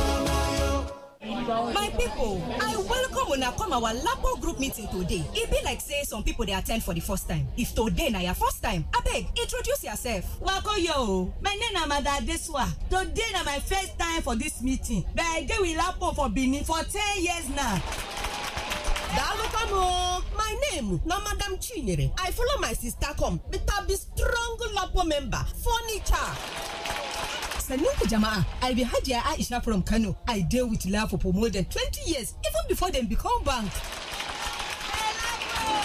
my people, i welcome I come our lapo group meeting today It be like say some people they attend for the first time if today na your first time beg, introduce yourself. yo, my name is mother adesua today na my first time for this meeting but i dey with lapo for Bini for ten years now my name na madam Chinyere I follow my sister come I be strong lopo member furniture. sannin ku jama'a i be hajiya aisha from kano i deal with love for more than 20 years even before them become bank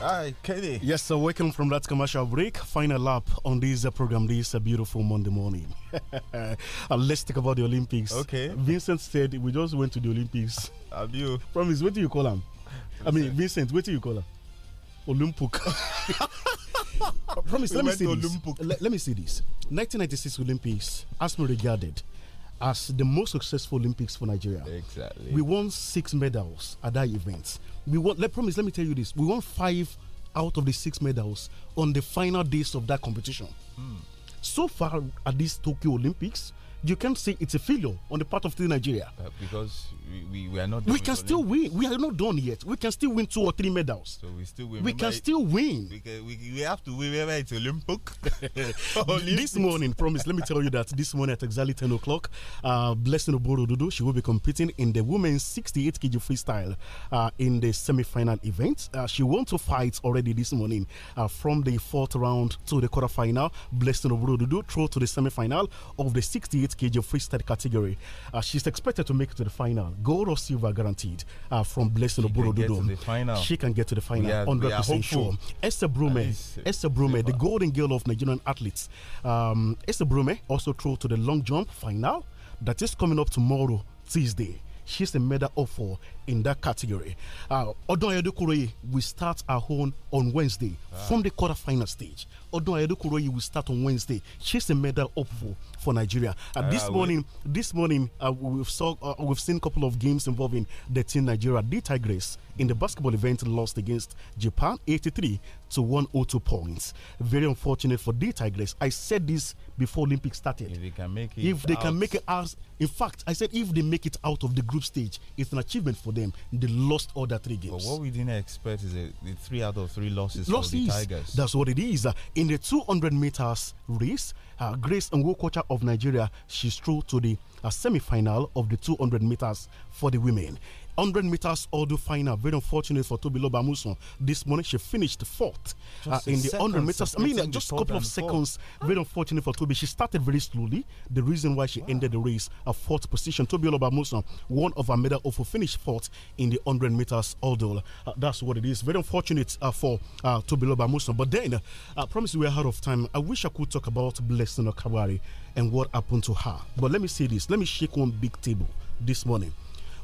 Hi, Kenny. Yes, welcome from that commercial break. Final lap on this uh, program this uh, beautiful Monday morning. Uh, let's talk about the Olympics. Okay. Vincent said we just went to the Olympics. Have you? Promise, what do you call him? I mean, Vincent, what do you call him? Olympic. Promise, we let me see this. Let, let me see this. 1996 Olympics, as we regarded as the most successful Olympics for Nigeria. Exactly. We won six medals at that event we won. Let promise. Let me tell you this: we won five out of the six medals on the final days of that competition. Mm. So far at these Tokyo Olympics, you can say it's a failure on the part of the Nigeria. Uh, because we, we, are not. we can still win. We are not done yet. We can still win two or three medals. So we still win. We Remember can still win. We, can, we, we have to win whether it's Olympic. this morning, promise. Let me tell you that this morning at exactly ten o'clock, uh, Blessing Oboro Dudu she will be competing in the women's sixty-eight kg freestyle uh, in the semi-final event. Uh, she won two fights already this morning uh, from the fourth round to the quarterfinal. Blessing Oboro Dudu through to the semi-final of the sixty-eight kg freestyle category. Uh, she's expected to make it to the final gold or silver guaranteed uh, from Blessing Oborododom. She can get to the final, are, 100% sure. Esther Brume, Esther Brume, the golden girl of Nigerian athletes. Um, Esther Brume also threw to the long jump final that is coming up tomorrow, Tuesday. She's a medal of for in that category. Uh, Odon will start our own on Wednesday ah. from the quarterfinal stage. Odon Ayedukuroye will start on Wednesday. She's a medal hopeful for Nigeria. Uh, ah, this, morning, this morning, uh, we've saw uh, we've seen a couple of games involving the team Nigeria. The Tigers in the basketball event lost against Japan 83 to 102 points. Very unfortunate for the Tigers. I said this before Olympics started. If they can make it, if they out. can make it out, in fact, I said if they make it out of the group stage, it's an achievement for them. They lost all the three games. But what we didn't expect is a, the three out of three losses, losses Tigers. That's what it is. in the 200 meters race, uh, Grace Ngwokocha of Nigeria, she's through to the uh, semi-final of the 200 meters for the women. 100 meters order final. Very unfortunate for Toby Bamuson. This morning she finished fourth uh, in the 100 meters. I mean, just a couple of seconds. Four. Very unfortunate for Toby. She started very slowly. The reason why she wow. ended the race a fourth position. Toby Bamuson, one of our medal of finished fourth in the 100 meters order. Uh, that's what it is. Very unfortunate uh, for uh, Tobilo But then, uh, I promise we're out of time. I wish I could talk about Blessing Okawari and what happened to her. But let me say this. Let me shake one big table this morning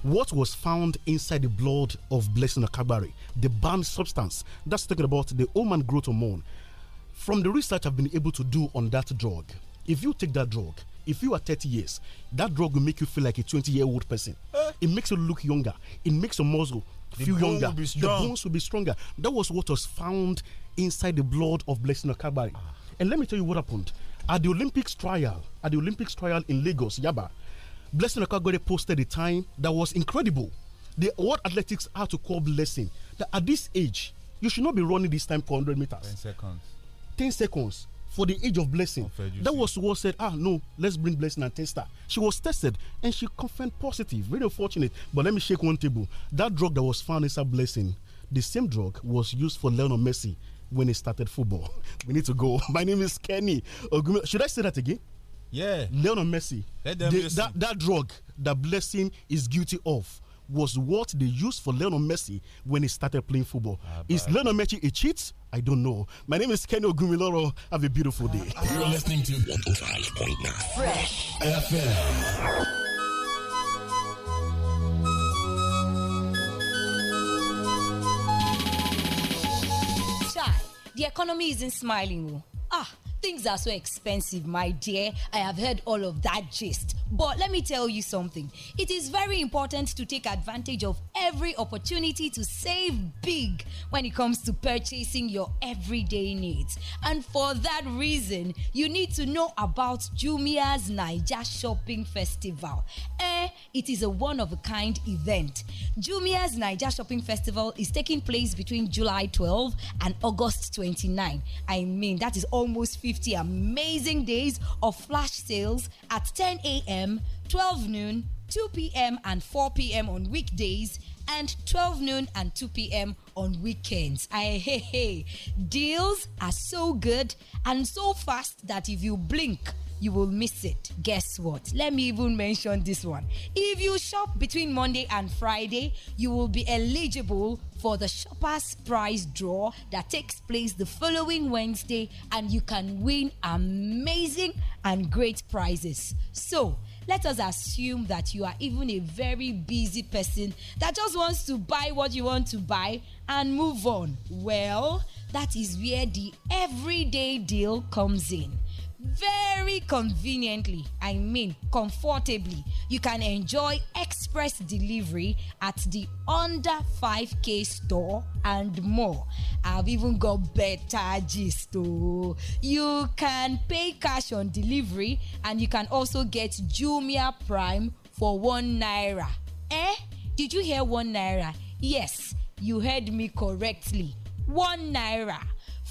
what was found inside the blood of Blessing Akabari, the banned substance. That's talking about the Oman growth hormone. From the research I've been able to do on that drug, if you take that drug, if you are 30 years, that drug will make you feel like a 20 year old person. Eh? It makes you look younger. It makes your muscle feel younger. the bones will be stronger. That was what was found inside the blood of Blessing Akabari. Ah. And let me tell you what happened. At the Olympics trial, at the Olympics trial in Lagos, Yaba, Blessing Okagore posted a time that was incredible. The World Athletics had to call Blessing that at this age, you should not be running this time 400 meters. 10 seconds. 10 seconds for the age of Blessing. That was what said, ah, no, let's bring Blessing and test her. She was tested and she confirmed positive. Very unfortunate. But let me shake one table. That drug that was found inside Blessing, the same drug was used for Lionel Messi when he started football. we need to go. My name is Kenny Should I say that again? Yeah. Lionel Messi. Let them that, that drug that Blessing is guilty of was what they used for Lionel Messi when he started playing football. Ah, is Lionel Messi a cheat? I don't know. My name is Kenny Ogumiloro. Have a beautiful day. You're listening to 105.9 Fresh FM. The economy isn't smiling. Oh. Ah, things are so expensive, my dear. I have heard all of that gist. But let me tell you something. It is very important to take advantage of every opportunity to save big when it comes to purchasing your everyday needs. And for that reason, you need to know about Jumia's Niger Shopping Festival. Eh, it is a one of a kind event. Jumia's Niger Shopping Festival is taking place between July 12 and August 29. I mean, that is all almost 50 amazing days of flash sales at 10 a.m., 12 noon, 2 p.m., and 4 p.m. on weekdays and 12 noon and 2 p.m. on weekends. I hey hey, deals are so good and so fast that if you blink, you will miss it. Guess what? Let me even mention this one. If you shop between Monday and Friday, you will be eligible for the shoppers prize draw that takes place the following Wednesday and you can win amazing and great prizes. So, let us assume that you are even a very busy person that just wants to buy what you want to buy and move on. Well, that is where the everyday deal comes in very conveniently, I mean comfortably, you can enjoy express delivery at the under 5k store and more. I've even got better gist too. Oh. You can pay cash on delivery and you can also get Jumia Prime for 1 naira. Eh? Did you hear 1 naira? Yes, you heard me correctly. 1 naira.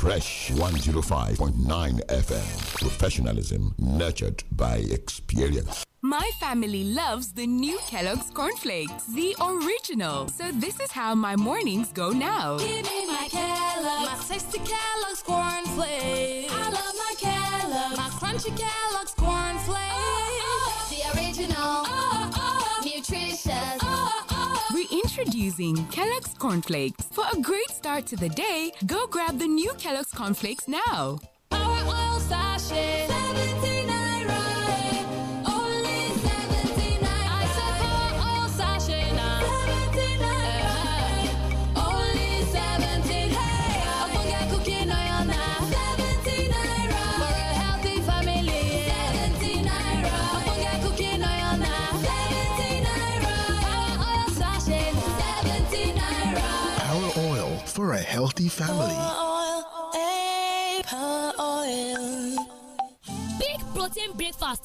Fresh 105.9 FM. Professionalism nurtured by experience. My family loves the new Kellogg's cornflakes, the original. So this is how my mornings go now. Give me my Kellogg's, my tasty Kellogg's cornflakes. I love my Kellogg's, my crunchy Kellogg's cornflakes. Oh, oh. oh. the original. Oh. Introducing Kellogg's Cornflakes. For a great start to the day, go grab the new Kellogg's Cornflakes now. oil sachet. for a healthy family. Oil, oil, Big protein breakfast,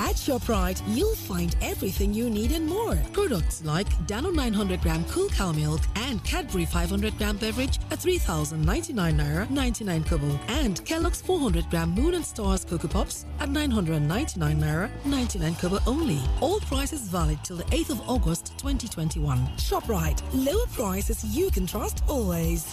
At ShopRite, you'll find everything you need and more. Products like Danone 900 gram cool cow milk and Cadbury 500 gram beverage at 3,099 naira 99 kobo, and Kellogg's 400 gram Moon and Stars Cocoa Pops at 999 naira 99 kobo only. All prices valid till the 8th of August 2021. ShopRite, lower prices you can trust always.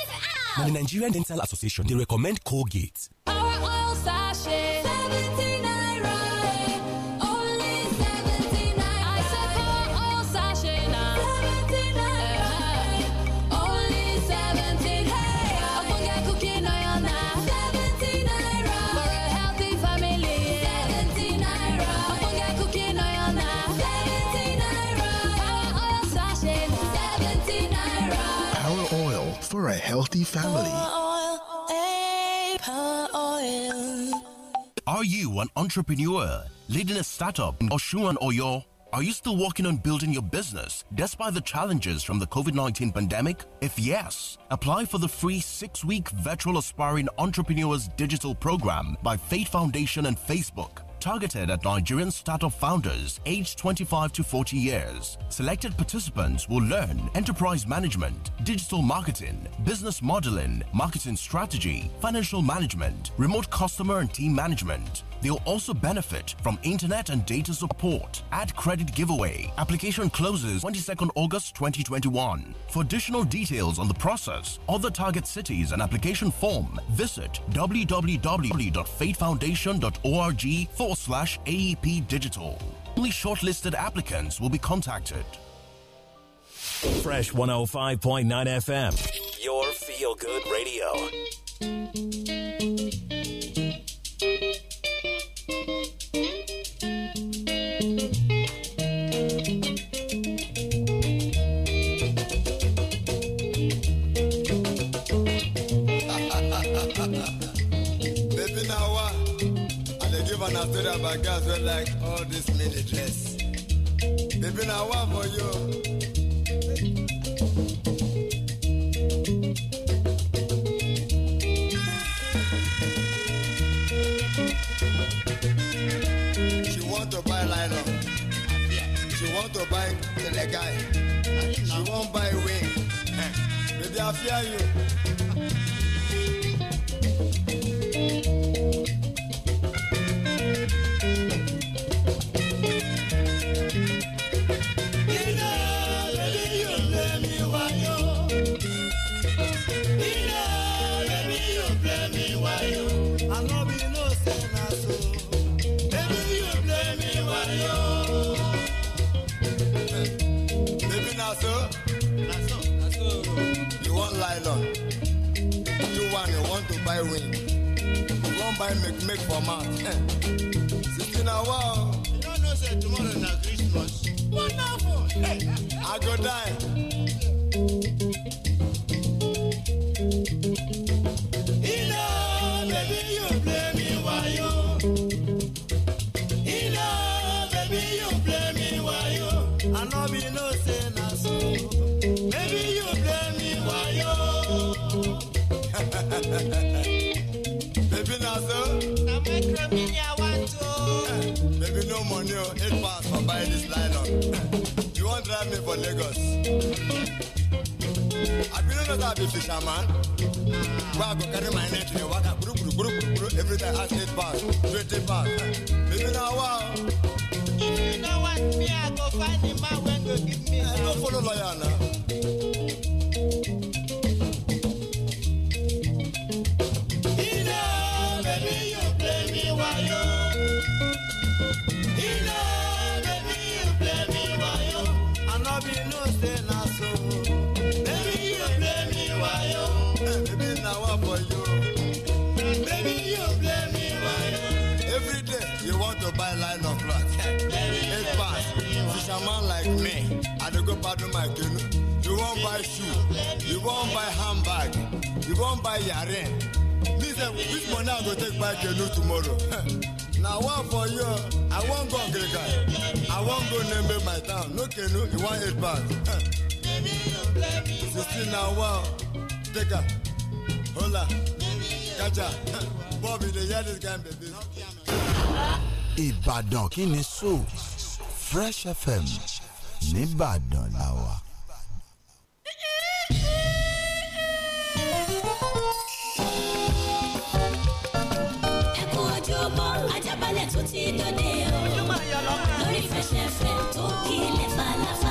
now, the Nigerian Dental Association, they recommend Colgate. Our oil sachet. healthy family. Are you an entrepreneur leading a startup in Oshun or Are you still working on building your business despite the challenges from the COVID 19 pandemic? If yes, apply for the free six week virtual aspiring entrepreneurs digital program by Faith Foundation and Facebook targeted at Nigerian startup founders aged 25 to 40 years. Selected participants will learn enterprise management, digital marketing, business modeling, marketing strategy, financial management, remote customer and team management. They'll also benefit from internet and data support. Ad credit giveaway. Application closes 22nd August 2021. For additional details on the process, other target cities and application form, visit www.fatefoundation.org forward forward slash AEP Digital. Only shortlisted applicants will be contacted. Fresh 105.9 FM, your feel good radio. my girls wear like all oh, this mini dress. been a one for you. She want to buy nylon. She want to buy teleguy. She won't buy wing. Maybe I fear you. find make make for man. Eh. Sixteen hour. You don't know say tomorrow na Christmas. Wonderful. I go die. man. Where I go carry my net, they walk up, bro, bro, bro, every day I sit back, straight back. Maybe now, wow. If you know what, me, I go find the man when go give me. I go follow lawyer now. like me, I don't go bad my canoe. You won't buy shoe, you won't buy handbag, you won't buy yarn. This, this money I go take back canoe tomorrow. now one for you, I won't go Greca. I won't go name my town. No canoe, you want eight pounds. Sixteen now one, take a, hola, gotcha. Bobby, they hear guy, baby. Ibadan kini so Fresh FM nìbàdàn la wà. ẹ kú ojúbọ ajábalẹ̀ tó ti dòde o lórí fẹsẹ̀fẹ̀ tó kílẹ̀ falafel.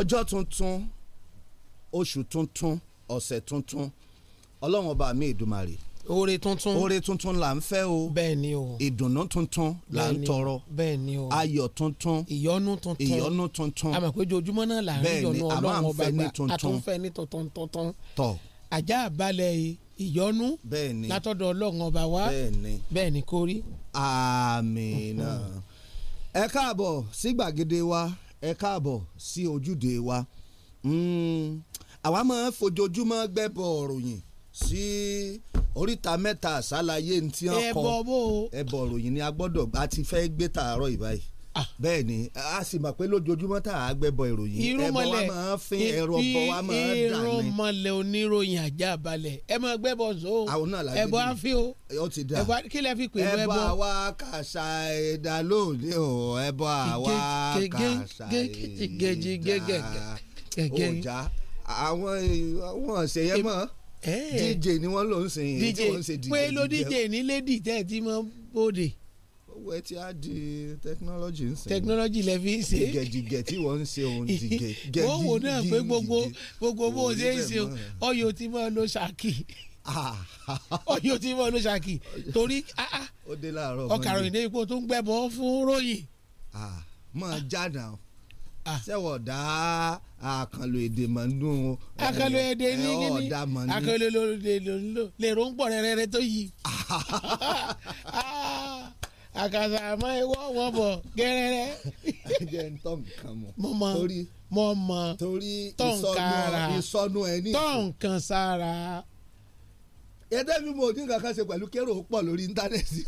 ọjọ́ tuntun oṣù tuntun ọ̀sẹ̀ tuntun ọlọ́run ọba mi ìdùmarè oore tuntun oore tuntun la ń fẹ́ o bẹ́ẹ̀ o ìdùnnú tuntun là ń tọrọ bẹ́ẹ̀ o ayọ̀ tuntun ìyọ́nú tuntun ìyọ́nú tuntun àmọ́ pé ojoojúmọ́ náà là ń yọ̀nù ọlọ́run ọba gbà àtúnfẹ́ ní tuntun tuntun tọ̀ ajá àbálẹ̀ ìyọ́nú látọ̀dọ̀ ọlọ́run ọba wa bẹ́ẹ̀ ni kórí. àmín náà ẹ káàbọ̀ sí gbàgede wa ẹ káàbọ̀ sí ojúde wa hmm, àwa máa fojoojúmọ́ gbẹ́bọ̀ ròyìn sí oríta mẹ́ta àṣàlàyé ntí ọkọ̀ ẹ̀bọ̀ ròyìn ni a gbọ́dọ̀ a ti fẹ́ gbé tààrọ̀ ìbáyìí Ah, bẹ́ẹ̀ ni a sì mọ̀ pé lójoojúmọ́ tá a gbẹ́bọ ìròyìn ẹbọ wa máa ń fin ẹ̀rọ bọ wa máa ń dà ní. ìrọmọlẹ̀ oníròyìn àjà balẹ̀ ẹ máa gbẹ́bọ zo ẹbọ á fi o ẹbọ kí lẹ fi pè é ẹbọ. ẹbọ àwa kàṣà ẹ̀dá lónìí o ẹbọ àwa kàṣà ẹ̀dá ọjà àwọn àwọn ọ̀sẹ̀ yẹn mọ̀ DJ ni wọ́n lò ń sìn yìí tí wọ́n ń ṣe DJ. pé ló DJ ní lady tẹ́ ẹ ti mọ bóde wẹ́ tí a di technology ń sìn. technology lẹ fi ń ṣe. jìgẹ̀jìgẹ̀ tí wọ́n ń ṣe òun jìgẹ̀. wọ́n wò náà pé gbogbo gbogbo bó ṣe ń ṣe ọyọ tí mo lo ṣáàkì ah. ọyọ tí mo lo ṣáàkì torí ọkàrọ̀ ìdè ipò tó ń gbẹ́bọ̀ fún ròyìn. Ah, máa ah. jáde àwọn sẹ́wọ̀ dá àkànlò èdè mọ̀ ń dún o. àkànlò èdè ní kíni àkànlò èdè ló ń lò lè rò ń pọ̀ rẹ́rẹ́rẹ́ tó yí. àkàtà àmọ́ ìwọ wọn bọ̀ gẹ́rẹ́rẹ́. jẹ́ n tọ́ nǹkan mọ̀ torí mọ̀ mọ̀ torí ìsọnù ẹ ní. tọ́ nǹkan sára. ẹ̀dá mi mo ní nǹkan kan ṣe pẹ̀lú kérò pọ̀ lórí íńtánẹ́ẹ̀tì.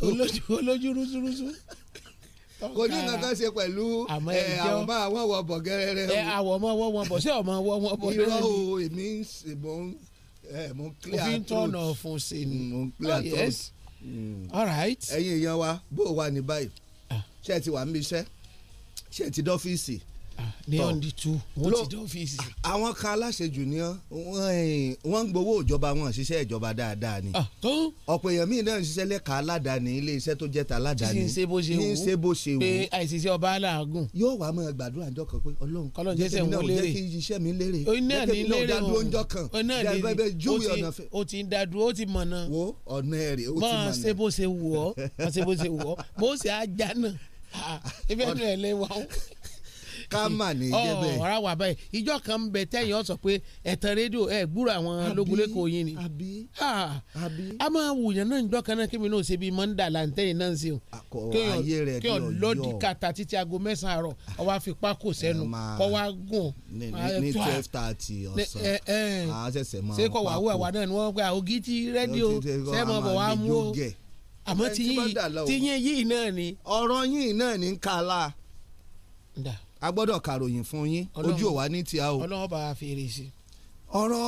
olójú rúṣurúṣu kò ní nǹkan kan ṣe pẹ̀lú àwọn máa wọ́n wọ bọ̀ gẹ́rẹ́rẹ́. àwọn ọmọ wọ́n wọ́n bọ̀ ṣé ọmọ wọ́n wọ́n bọ̀ lórí. irọ́ o èmi ń ṣe mò ń clear truth. òfin tọ́nà fún sí ni. mò ń clear truth oh, Mm. all right. èèyàn wa bó o wà ní báyìí ah. ṣé ẹ ti wà níbi iṣẹ́ ṣé ẹ ti dọ́fíìsì ní ọ̀ndì tú wọ́n ti dé ọ́fíìsì. àwọn kan aláṣejù ni wọ́n ń gbowó ìjọba wọn ṣiṣẹ́ ìjọba dáadáa ni ah, ọ̀pọ̀ èèyàn míì náà ń ṣiṣẹ́ lẹ́ka aládàáni ilé iṣẹ́ tó jẹ́ta aládàáni ní ṣe bó ṣe wù pé àìsíṣẹ́ ọba aláàgùn. yóò wá máa gbàdúrà ńjọ́ kan pé ọlọ́run kọ́lọ́n jẹ́sẹ̀ ń lérè jẹ́ kí iṣẹ́ mi lérè jẹ́ kí mi náà dádúró ńjọ́ kan jẹ́ júwe ọ̀nà fẹ́. o ti dádúró o ti mọ̀nà. wo ọ̀nà ẹ̀rẹ̀ o ti mọ̀nà. bọ́n ṣe bó ṣe wù ọ́ bọ́n ṣe bó ṣe wù ọ́ bó ṣe ajá náà ibi ẹnu ẹ̀ ká mà ní jẹ́ bẹ́ẹ̀. ọ̀rọ̀ wà báyìí ìjọ kan ń bẹ tẹ́yìn ọ̀ sọ pé ẹ̀tàn rédíò ẹ̀ gbúrò àwọn lógúnlẹ́kọ̀ yín ni. àbí àbí. a máa wùyàn náà ìjọ kan náà kí mi náà ṣe bíi mọ́ńdà làǹtẹ̀yìn náà ń ṣe o. akọ ayé rẹ bí ọyọ kí ọ lọ́ọ̀dì kàtà títí aago mẹ́sàn-án àárọ̀ ah, ọ wá fi pákó sẹ́nu kọ́ wá gùn. ní ah, twelve thirty ọ̀sán àá ṣẹ̀ṣẹ̀ máa pákó. ṣé kọ̀ wá wúwa wá náà ni wọ́n gba ògì ti rédíò sẹ́mọ̀ bọ̀ wá mú o àmọ́ tí yín yìí náà ni. ọ̀rọ̀ yín náà ni ń kala a gbọ́dọ̀ kàròyìn fún yín ojú ò wá ní tíá o. ọlọ́wọ́ bá a fèrè sí. ọ̀rọ̀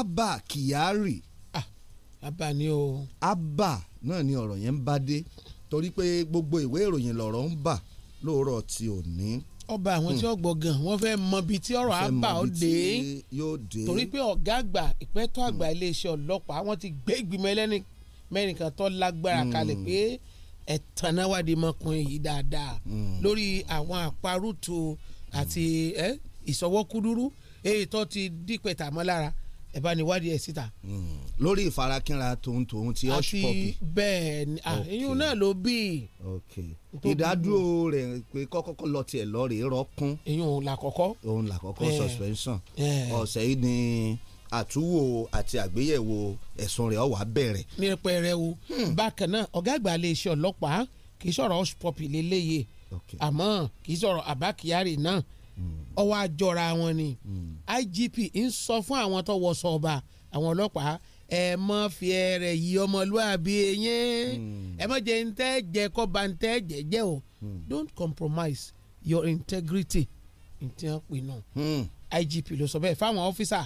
Abba Kyari. Ah, Abba ni o. Abba náà ni ọ̀rọ̀ yẹn ń bá dé torí pé gbogbo ìwé ìròyìn lọ̀rọ̀ ń bà lóòrọ̀ tí ò ní. ọba àwọn tí hmm. ó gbọ́ gan wọ́n fẹ́ mọ ibi tí ọ̀rọ̀ àbá ó dé torí pé ọ̀gá àgbà ìpẹ́tọ́ àgbà hmm. iléeṣẹ́ ọlọ́pàá wọ́n ti gbé ìgbìmọ̀ ẹlẹ́ni mẹ́rin kan tó lágbára hmm. kalẹ̀ pé ẹ̀tànáwádìí mọ́kùnrin yìí dáadáa hmm. lórí àwọn àparùtù àti ìsọwọ́kúdúrú èyí tó ti dípẹ̀tà mọ́ lára ẹ̀ bá ní wádìí ẹ̀ síta. Hmm. lórí ìfarakínra tòun tòun ti hush puppy. àti bẹ́ẹ̀ ni ah, ìyún náà ló bí. ìdádúró rẹ̀ pé kọ́kọ́kọ́ lọ tiẹ̀ lọ́ọ̀rì rọ́ọ̀kún. ìyún làkọ́kọ́. òun làkọ́kọ́ suspension ọ̀sẹ̀ yìí ni. Eh àtúwò àti àgbéyẹ̀wò ẹ̀sùn rẹ̀ ó bẹ̀rẹ̀. ní pẹrẹ o hmm. bákan náà ọ̀gá àgbà iléeṣẹ́ ọlọ́pàá kì í sọ̀rọ̀ ọ̀sùpọ̀pì lélẹ́yẹ àmọ́ kì í sọ̀rọ̀ Abba Kyari náà ọwọ́ hmm. àjọra wọn ni hmm. IGP ń sọ fún àwọn tó wọ sọ̀ọ̀bà àwọn ọlọ́pàá ẹ mọ fi ẹrẹ yí ọmọlúwàbí yẹn ẹ mọ jẹ ntẹ jẹ kọ ba ntẹ jẹ jẹ o don't compromise your integrity ntẹ pinnu IGP ló sọ bẹ́ẹ̀ fáwọn ọfíìsà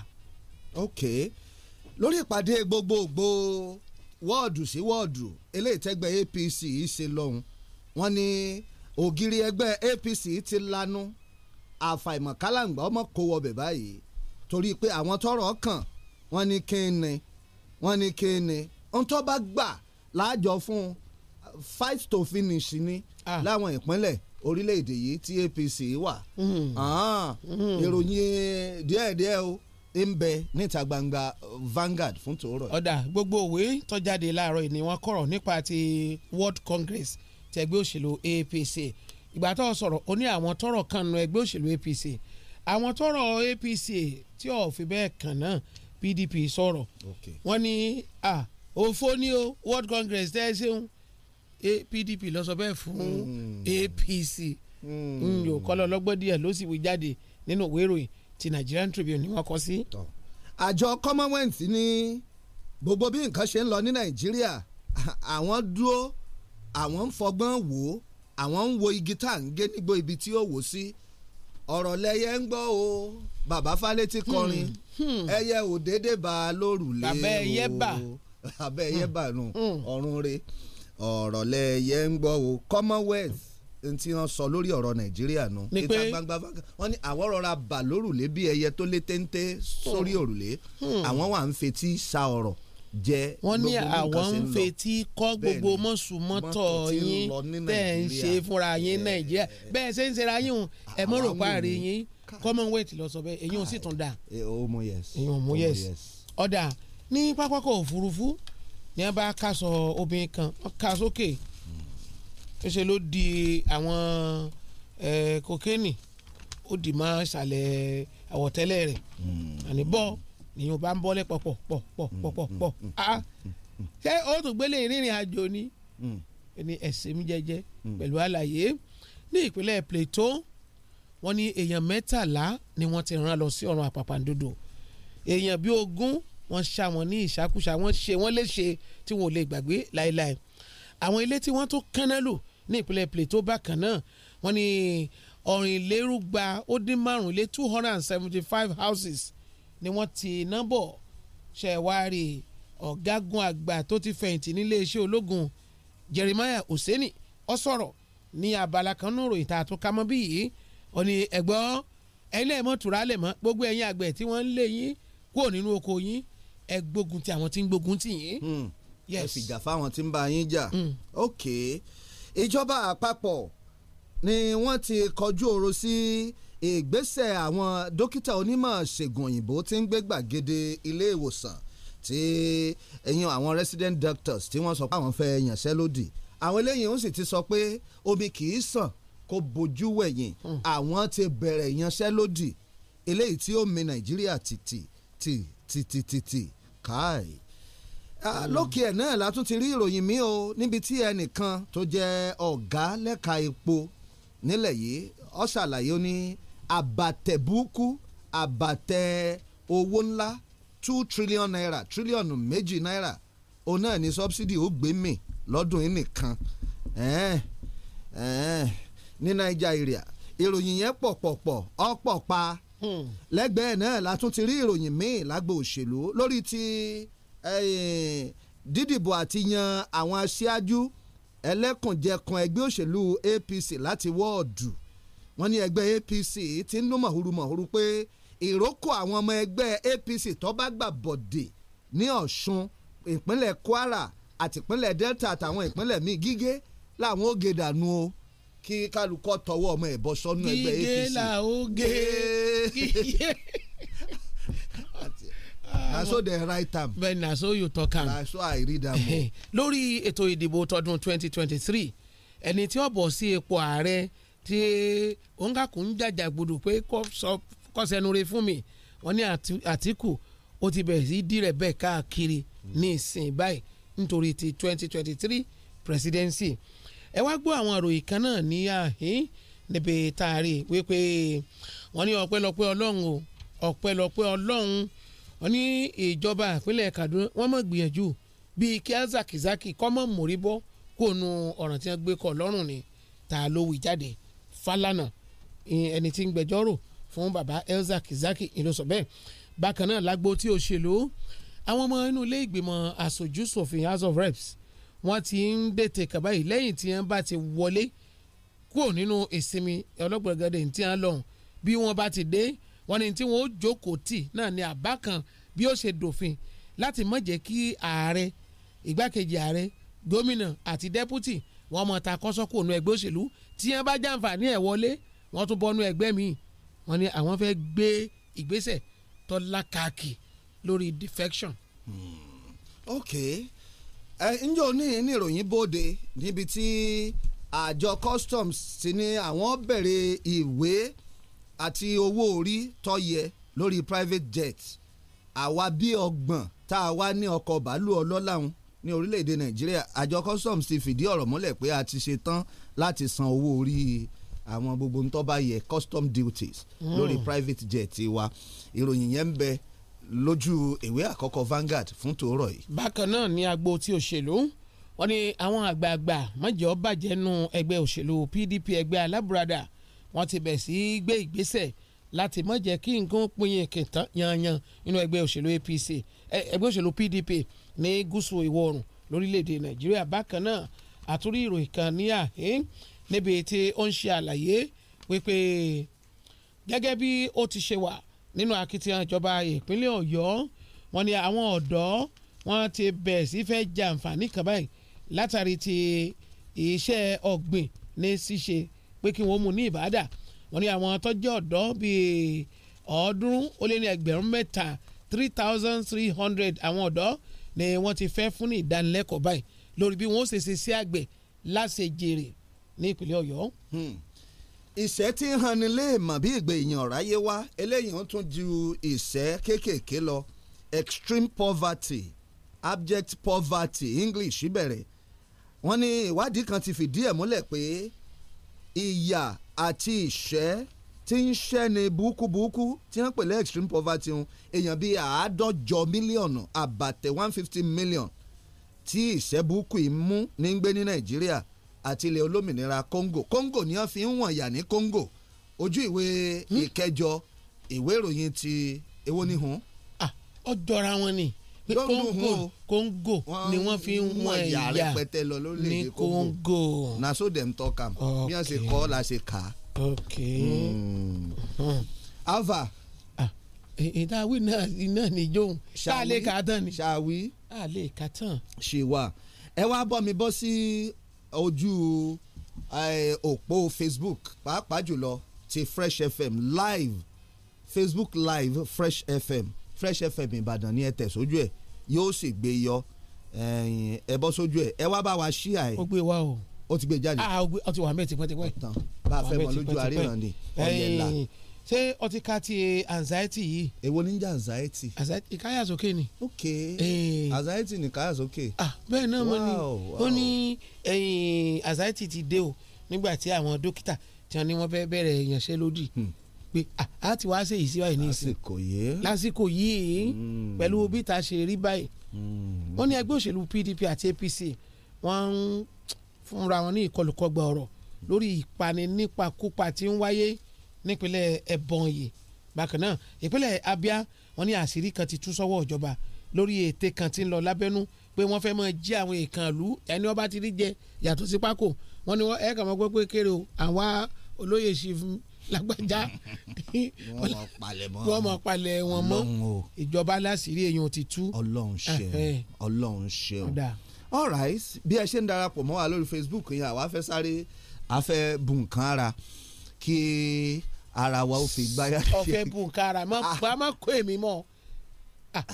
ok lórí ìpàdé gbogbogbò wọ́ọ̀dù sí wọ́ọ̀dù eléyìí tẹ́gbẹ́ APC ṣe lọ́hùn wọ́n ní ògiri ẹgbẹ́ APC ti lanu àfàìmọ̀ kálàǹgbà ọmọ kó wọbẹ̀ báyìí torí pé àwọn tọ́rọ̀ kàn wọ́n ní kéènì wọ́n ní kéènì ohun tó bá gbà láàjọ fún fight to finish ni láwọn ìpínlẹ̀ orílẹ̀-èdè yìí tí APC wà mm-hmm. Mm-hmm. ìròyìn díẹ̀díẹ̀ o ń bẹ níta gbangba uh, Vanguard fún tòórọ. ọ̀dà gbogbo òwe tó jáde láàárọ̀ yìí ni wọ́n kọ̀rọ̀ nípa ti World Congress ti ẹgbẹ́ òṣèlú APC ìgbà tó sọ̀rọ̀ ó ní àwọn tọ́rọ̀ kan nu ẹgbẹ́ òṣèlú APC àwọn tọ́rọ̀ APC tí ò fi bẹ́ẹ̀ kàn náà PDP sọ̀rọ̀ wọ́n ní òfó ni o World Congress tẹ́ ẹ ṣeun PDP lọ sọ bẹ́ẹ̀ fún hmm. APC hmm. yòókọ́ lọ́lọ́gbọ́n díẹ̀ ló sì wí jáde nínú ìwé ìròyìn ti Nigerian Tribune ni wọ́n kọ sí. àjọ Commonwealth ní gbogbo bí nǹkan ṣe ń lọ ní Nàìjíríà àwọn dúró àwọn ń fọgbọ́n wò ó àwọn ń wo igi tá à ń gé nígbó ibi tí ó wò sí ọ̀rọ̀ lẹ́yẹ ń gbọ́ o bàbá Fálétí kọrin hmm. Hmm. ẹyẹ ò déédé bá lórùlé o bàbá ẹyẹ bàbá hmm. ẹyẹ bà nù ọ̀run re ọ̀rọ̀ lẹ́yẹ ń gbọ́ o Commonwealth tí wọ́n sọ lórí ọ̀rọ̀ nàìjíríà nu ìta gbangba wọ́n ní àwọn rọra bà lórùlé bí ẹyẹ tó lé téńté sórí hmm. òrùlé hmm. àwọn wà ń fetí sa ọ̀rọ̀ jẹ wọ́n ní àwọn ń fetí kọ́ gbogbo mọ̀sùmọ́tọ̀ yín tẹ̀ ń ṣe fúnra yín nàìjíríà bẹ́ẹ̀ ṣe ń ṣe ra yín ẹ̀ mọ́ rò parí yín commonwealth lọ sọ bẹ́ẹ̀ èyí ò sì tún dà eh, èyí ò mú yes ọ̀dà ní pápákọ̀ a bá ṣe ló di àwọn kokéènì ó dì mọ́ ṣàlẹ̀ àwọ̀tẹ́lẹ̀ rẹ̀ hmm. àní bọ́ nìyẹn bá ń bọ́lẹ̀ pọ̀ pọ̀ pọ̀ pọ̀ pọ̀ pọ̀ pọ̀ hmm. ah, ṣé o tún gbélé ìrìnrìn àjò ni hmm. ẹni ẹ̀sìn mi jẹ́jẹ́ pẹ̀lú àlàyé ní ìpínlẹ̀ Plateau wọ́n ní èèyàn mẹ́tàlá ni wọ́n ti rán lọ sí ọ̀run àpàpàǹdodo èèyàn bíi ogún wọ́n ṣá wọn ní ìṣàkúṣà wọ́n ṣe wọ́n léṣe tí wọn ò lè gbàgbé láéláé àwọn ilé tí wọ́n tún kánná ní ìpínlẹ̀ Plateau bákan náà wọ́n ní ọ̀rìnlérúgba ó dín márùn lé two hundred and seventy five houses ni wọ́n ti nọ́bọ̀ ṣẹ̀wárí ọ̀gágun àgbà tó ti fẹ̀yìntì nílé iṣẹ́ ológun Jeremiah Hosseini ó sọ̀rọ̀ ní abala kan nù ròyìn tá a tún ká mọ́ bí yìí ó ní ẹ̀gbọ́n ẹ̀yin lẹ́ẹ̀mọ́ tura lẹ̀ mọ́ gbogbo ẹ̀yin àgbẹ̀ tí wọ́n ń lé yín kúrò nínú oko yín ẹ gbógun ti àwọn tí ń gbógun tì yín. Hmm. ẹ fìjà fáwọn tí ń bá yín jà hmm. ok ìjọba àpapọ̀ ni wọ́n ti kọjú ọ̀rọ̀ sí ìgbésẹ̀ àwọn dókítà onímọ̀ ṣègùn òyìnbó tí ń gbé gbàgede ilé ìwòsàn tí ẹ̀yìn àwọn resident doctors tí wọ́n sọ pé àwọn fẹ́ yànṣẹ́ lódì àwọn eléyìí ń sì ti sọ pé omi kì í sàn kó bojú wẹ̀yìn hmm. àwọn ti bẹ̀rẹ̀ ìyanṣẹ́lódì eléyìí tí ó mì Nàìjíríà tìtì tìtì tìtì káì Ah, lókè ẹ̀ náà la tún ti rí ìròyìn mi o níbi tí ẹnìkan tó jẹ́ ọ̀gá lẹ́ka epo nílẹ̀ yìí ó ṣàlàyé ó ní àbàtẹ̀bùkù àbàtẹ̀ owó ńlá two trillion naira tírílíọ̀nù méjì naira òun náà ní sọ́bsidì ó gbé mì lọ́dún yìí nìkan ní nàìjíríà ìròyìn yẹn pọ̀pọ̀pọ̀ ọ̀pọ̀ pa hmm. lẹ́gbẹ̀ẹ́ náà la tún ti rí ìròyìn míì lágbo òṣèlú lórí ti dídìbò àti yan àwọn aṣáájú ẹlẹ́kùnjẹkùn ẹgbẹ́ òṣèlú APC láti wọ́ọ̀dù wọ́n ní ẹgbẹ́ APC ti ń lú mọ̀húrú mọ̀húrú pé ìrókò àwọn ọmọ ẹgbẹ́ APC tó bá gbà bọ̀dẹ̀ ní Ọ̀ṣun ìpínlẹ̀ Kwara àti ìpínlẹ̀ Delta àtàwọn ìpínlẹ̀ míì gígé làwọn ó gé dànù o kí kálukọ́ tọwọ́ ọmọ ẹ̀ bọ́ sọ́nù ẹgbẹ́ APC. gígé làwọn ó gígé na so they write am. bẹ́ẹ̀ na so you talk am. na so I read am o. lórí ètò ìdìbò tọdún twenty twenty three ẹni tí ó bọ̀ sí ipò ààrẹ tí òǹkàkùn ń jàjàgbọdọ̀ pé kọ́sẹ̀nure fún mi wọ́n ní Àtíkù ó ti bẹ̀rẹ̀ sí dí bẹ́ẹ̀ káàkiri ní ìsìn báyìí nítorí ti twenty twenty three presidency ẹ wá gbọ́ àwọn àròyìn kan náà ní àhín níbi tá a rí wípé wọ́n ní ọpẹ́lọpẹ́ ọlọ́run o ọpẹ́lọpẹ́ ọlọ́run wọ́n ní ìjọba ìpínlẹ̀ Kaduna wọ́n mọ̀ gbìyànjú bíi kí azakizaki kọ́mọ̀ mórí bọ́ kó nu ọ̀ràn tí wọ́n gbé kọ́ lọ́rùn ni ta ló wí jáde Falana ẹni tí ń gbẹjọ́rò fún baba elzakizaki ìlú sọ bẹ́ẹ̀ bákan náà lágbo tí òṣèlú àwọn ọmọ inú ilé ìgbìmọ̀ aṣojú ṣòfin house of reps wọ́n ti ń dètè kàbá yìí lẹ́yìn tí wọ́n bá ti wọlé kúrò nínú ìsinmi ọlọ́gbọ̀n gẹ́gẹ́ wọ́n ní tí wọ́n ó jókòó tì náà ní àbá kan bí ó ṣe dòfin láti má jẹ́ kí ààrẹ ìgbákejì ààrẹ gómìnà àti dẹ́pútì wọ́n mọ̀ ta kọ́sọ́kò nu ẹgbẹ́ òṣèlú tí wọ́n bá jàǹfààní ẹ̀ wọlé wọ́n tún bọ́nu ẹgbẹ́ míì wọ́n ní àwọn fẹ́ gbé ìgbésẹ̀ tó lákàkì lórí defection. Hmm. ok ǹjọ́ ní ní ìròyìn bóde níbi tí àjọ customs ti ní àwọn bẹ̀rẹ̀ ìwé. E àti owó orí tó lórí private jet àwa bí ọgbọ̀n tá a wá ní ọkọ̀ bàálù ọlọ́láhùn ní orílẹ̀-èdè nàìjíríà àjọ customs ti fìdí ọ̀rọ̀ mọ́lẹ̀ pé a ti ṣe tán láti san owó orí àwọn gbogbo ń tó yẹ custom duties hmm. lórí private jet wa ìròyìn yẹn ń bẹ lójú ìwé àkọ́kọ́ Vanguard fún tòórọ̀ yìí. bákan náà ni agbo ti òṣèlú wọ́n ní àwọn àgbààgbà mọ́jọ́ bàjẹ́ nu ẹgbẹ́ òṣèlú PDP ẹgbẹ́ alábùradà wọ́n ti bẹ̀ sí gbé ìgbésẹ̀ láti mọ̀ jẹ́ kí nǹkan pinyin kìntàn yanyan nínú ẹgbẹ́ òṣèlú APC ẹgbẹ́ òṣèlú PDP ní gúúsù ìwọ̀ oòrùn lórílẹ̀‐èdè Nàìjíríà bákan náà àtúrí ìròyìn kan ní àhín níbi tí ó ń ṣe àlàyé wípé gẹ́gẹ́ bí ó ti ṣe wà nínú akitiyan ìjọba ìpínlẹ̀ Ọ̀yọ́ wọ́n ní àwọn ọ̀dọ́ wọ́n ti bẹ̀rẹ̀ sí fẹ́ jàǹfààní kan báyìí látàrí ti iṣẹ́ ọ̀gbìn ní ṣíṣe pé kí wọ́n mú ní ìbàdà wọ́n ní àwọn tọ́jú ọ̀dọ́ bíi ọ̀ọ́dúnrún ó lé ní ẹgbẹ̀rún mẹ́ta three thousand three hundred àwọn ọ̀dọ́ ni wọ́n ti fẹ́ fún ní ìdánilẹ́kọ̀ọ́ báyìí lórí bí wọ́n ṣe ṣe sí àgbẹ̀ láṣejèrè ní ìpínlẹ̀ ọ̀yọ́. Hmm. ìṣẹ́ tí ń hanni léèmọ̀ bí ìgbé èèyàn ráyé wá eléyìí ń tún ju ìṣẹ́ kéékèèké lọ extreme poverty abject poverty English bẹ̀rẹ̀ wọ́n ní ìwádìí kan ti fìdí ẹ̀ múlẹ̀ pé ìyà àti ìṣẹ́ tí ń ṣẹ́ni burúkúburúkú tí wọ́n pèlè extreme poverty ń èèyàn bíi àádọ́jọ mílíọ̀nù àbàtẹ̀ one fifty million tí ìṣẹ́ burúkú yìí mú ní gbé ní nàìjíríà àti ilẹ̀ olómìnira congo congo ni wọ́n fi ń wọ̀nyà ní congo ojú ìwé hmm? ìkẹjọ ìwé ìròyìn ti èwo ni hun. Ah, ó jọra wọn ni kóńgò kóńgò ni wọ́n fi ń wọ́n ẹ̀yà ní kóńgò. na so dem talk am bí wọ́n ṣe kọ́ la ṣe kà á. ava. Hmm. Ah, ìdáwí náà iná níjó ṣáà lè ka tán ni. ṣáàwí. a lè ka tán. ṣe wà ẹ wá bọ́ mi bọ́ sí ojú òpó Facebook pàápàá jùlọ ti Fresh FM live Facebook live Fresh FM Fresh FM Ìbàdàn ni ẹ tẹ̀ sójú ẹ̀ yóò sì gbé yọ ẹ bọ́ sójú ẹ̀ ẹ wá bá wa ṣí àì. ó gbé wa o. ó ti gbé jáde. a ah, ó ti wà mẹ́ẹ̀ tipẹ́tipẹ́. ọ̀tàn bá a fẹ́ mọ lójú àríyàn ni ọ̀yẹ̀ ṣé o ti ti anxiety yìí. èwo ní jẹ́ anxiety. anxiety ìkáyà sókè ni. ok anxiety ni ìkáyà sókè. ah bẹ́ẹ̀ náà mo ní ó ní anxiety ti dé o nígbà tí àwọn dókítà tí wọ́n ní wọ́n fẹ́ bẹ̀rẹ̀ ìyanṣẹ́lódì. Hmm pé a ti wá ṣe ìsí báyìí ní ìsìn lásìkò yìí lásìkò yìí hmm. pẹ̀lú bí ta ṣe rí báyìí hmm. ó ní ẹgbẹ́ òṣèlú PDP àti APC wọ́n ń fúnra wọn ní ìkọlùkọgbà ọ̀rọ̀ lórí ìpani nípakúpa tí ń wáyé nípínlẹ̀ Ebonyi bákan náà ìpínlẹ̀ Abia wọ́n ní àṣírí kan ti tú sọ́wọ́ ìjọba lórí ète kan tí ń lọ lábẹ́nú pé wọ́n fẹ́ máa jí àwọn èèkàn lù ẹni ọba ti rí jẹ yàtọ̀ sí pákó wọ́n ní ẹ̀ka mọ́ pé kéré o àwa olóyè chief lágbájá wọ́n mọ̀ palẹ̀ wọn mọ́ ìjọba aláṣìírí èèyàn ti tú. ọlọ́run ṣeun ọlọ́run ṣeun all right bí ẹ ṣe ń darapọ̀ mọ́ wa lórí Facebook yẹn àwa fẹ́ sáré afẹ́ bu nǹkan ara kí ara wa ó fi gbáyà. ọ̀fẹ́ bu ara ah. má kó èmi mọ́ ah,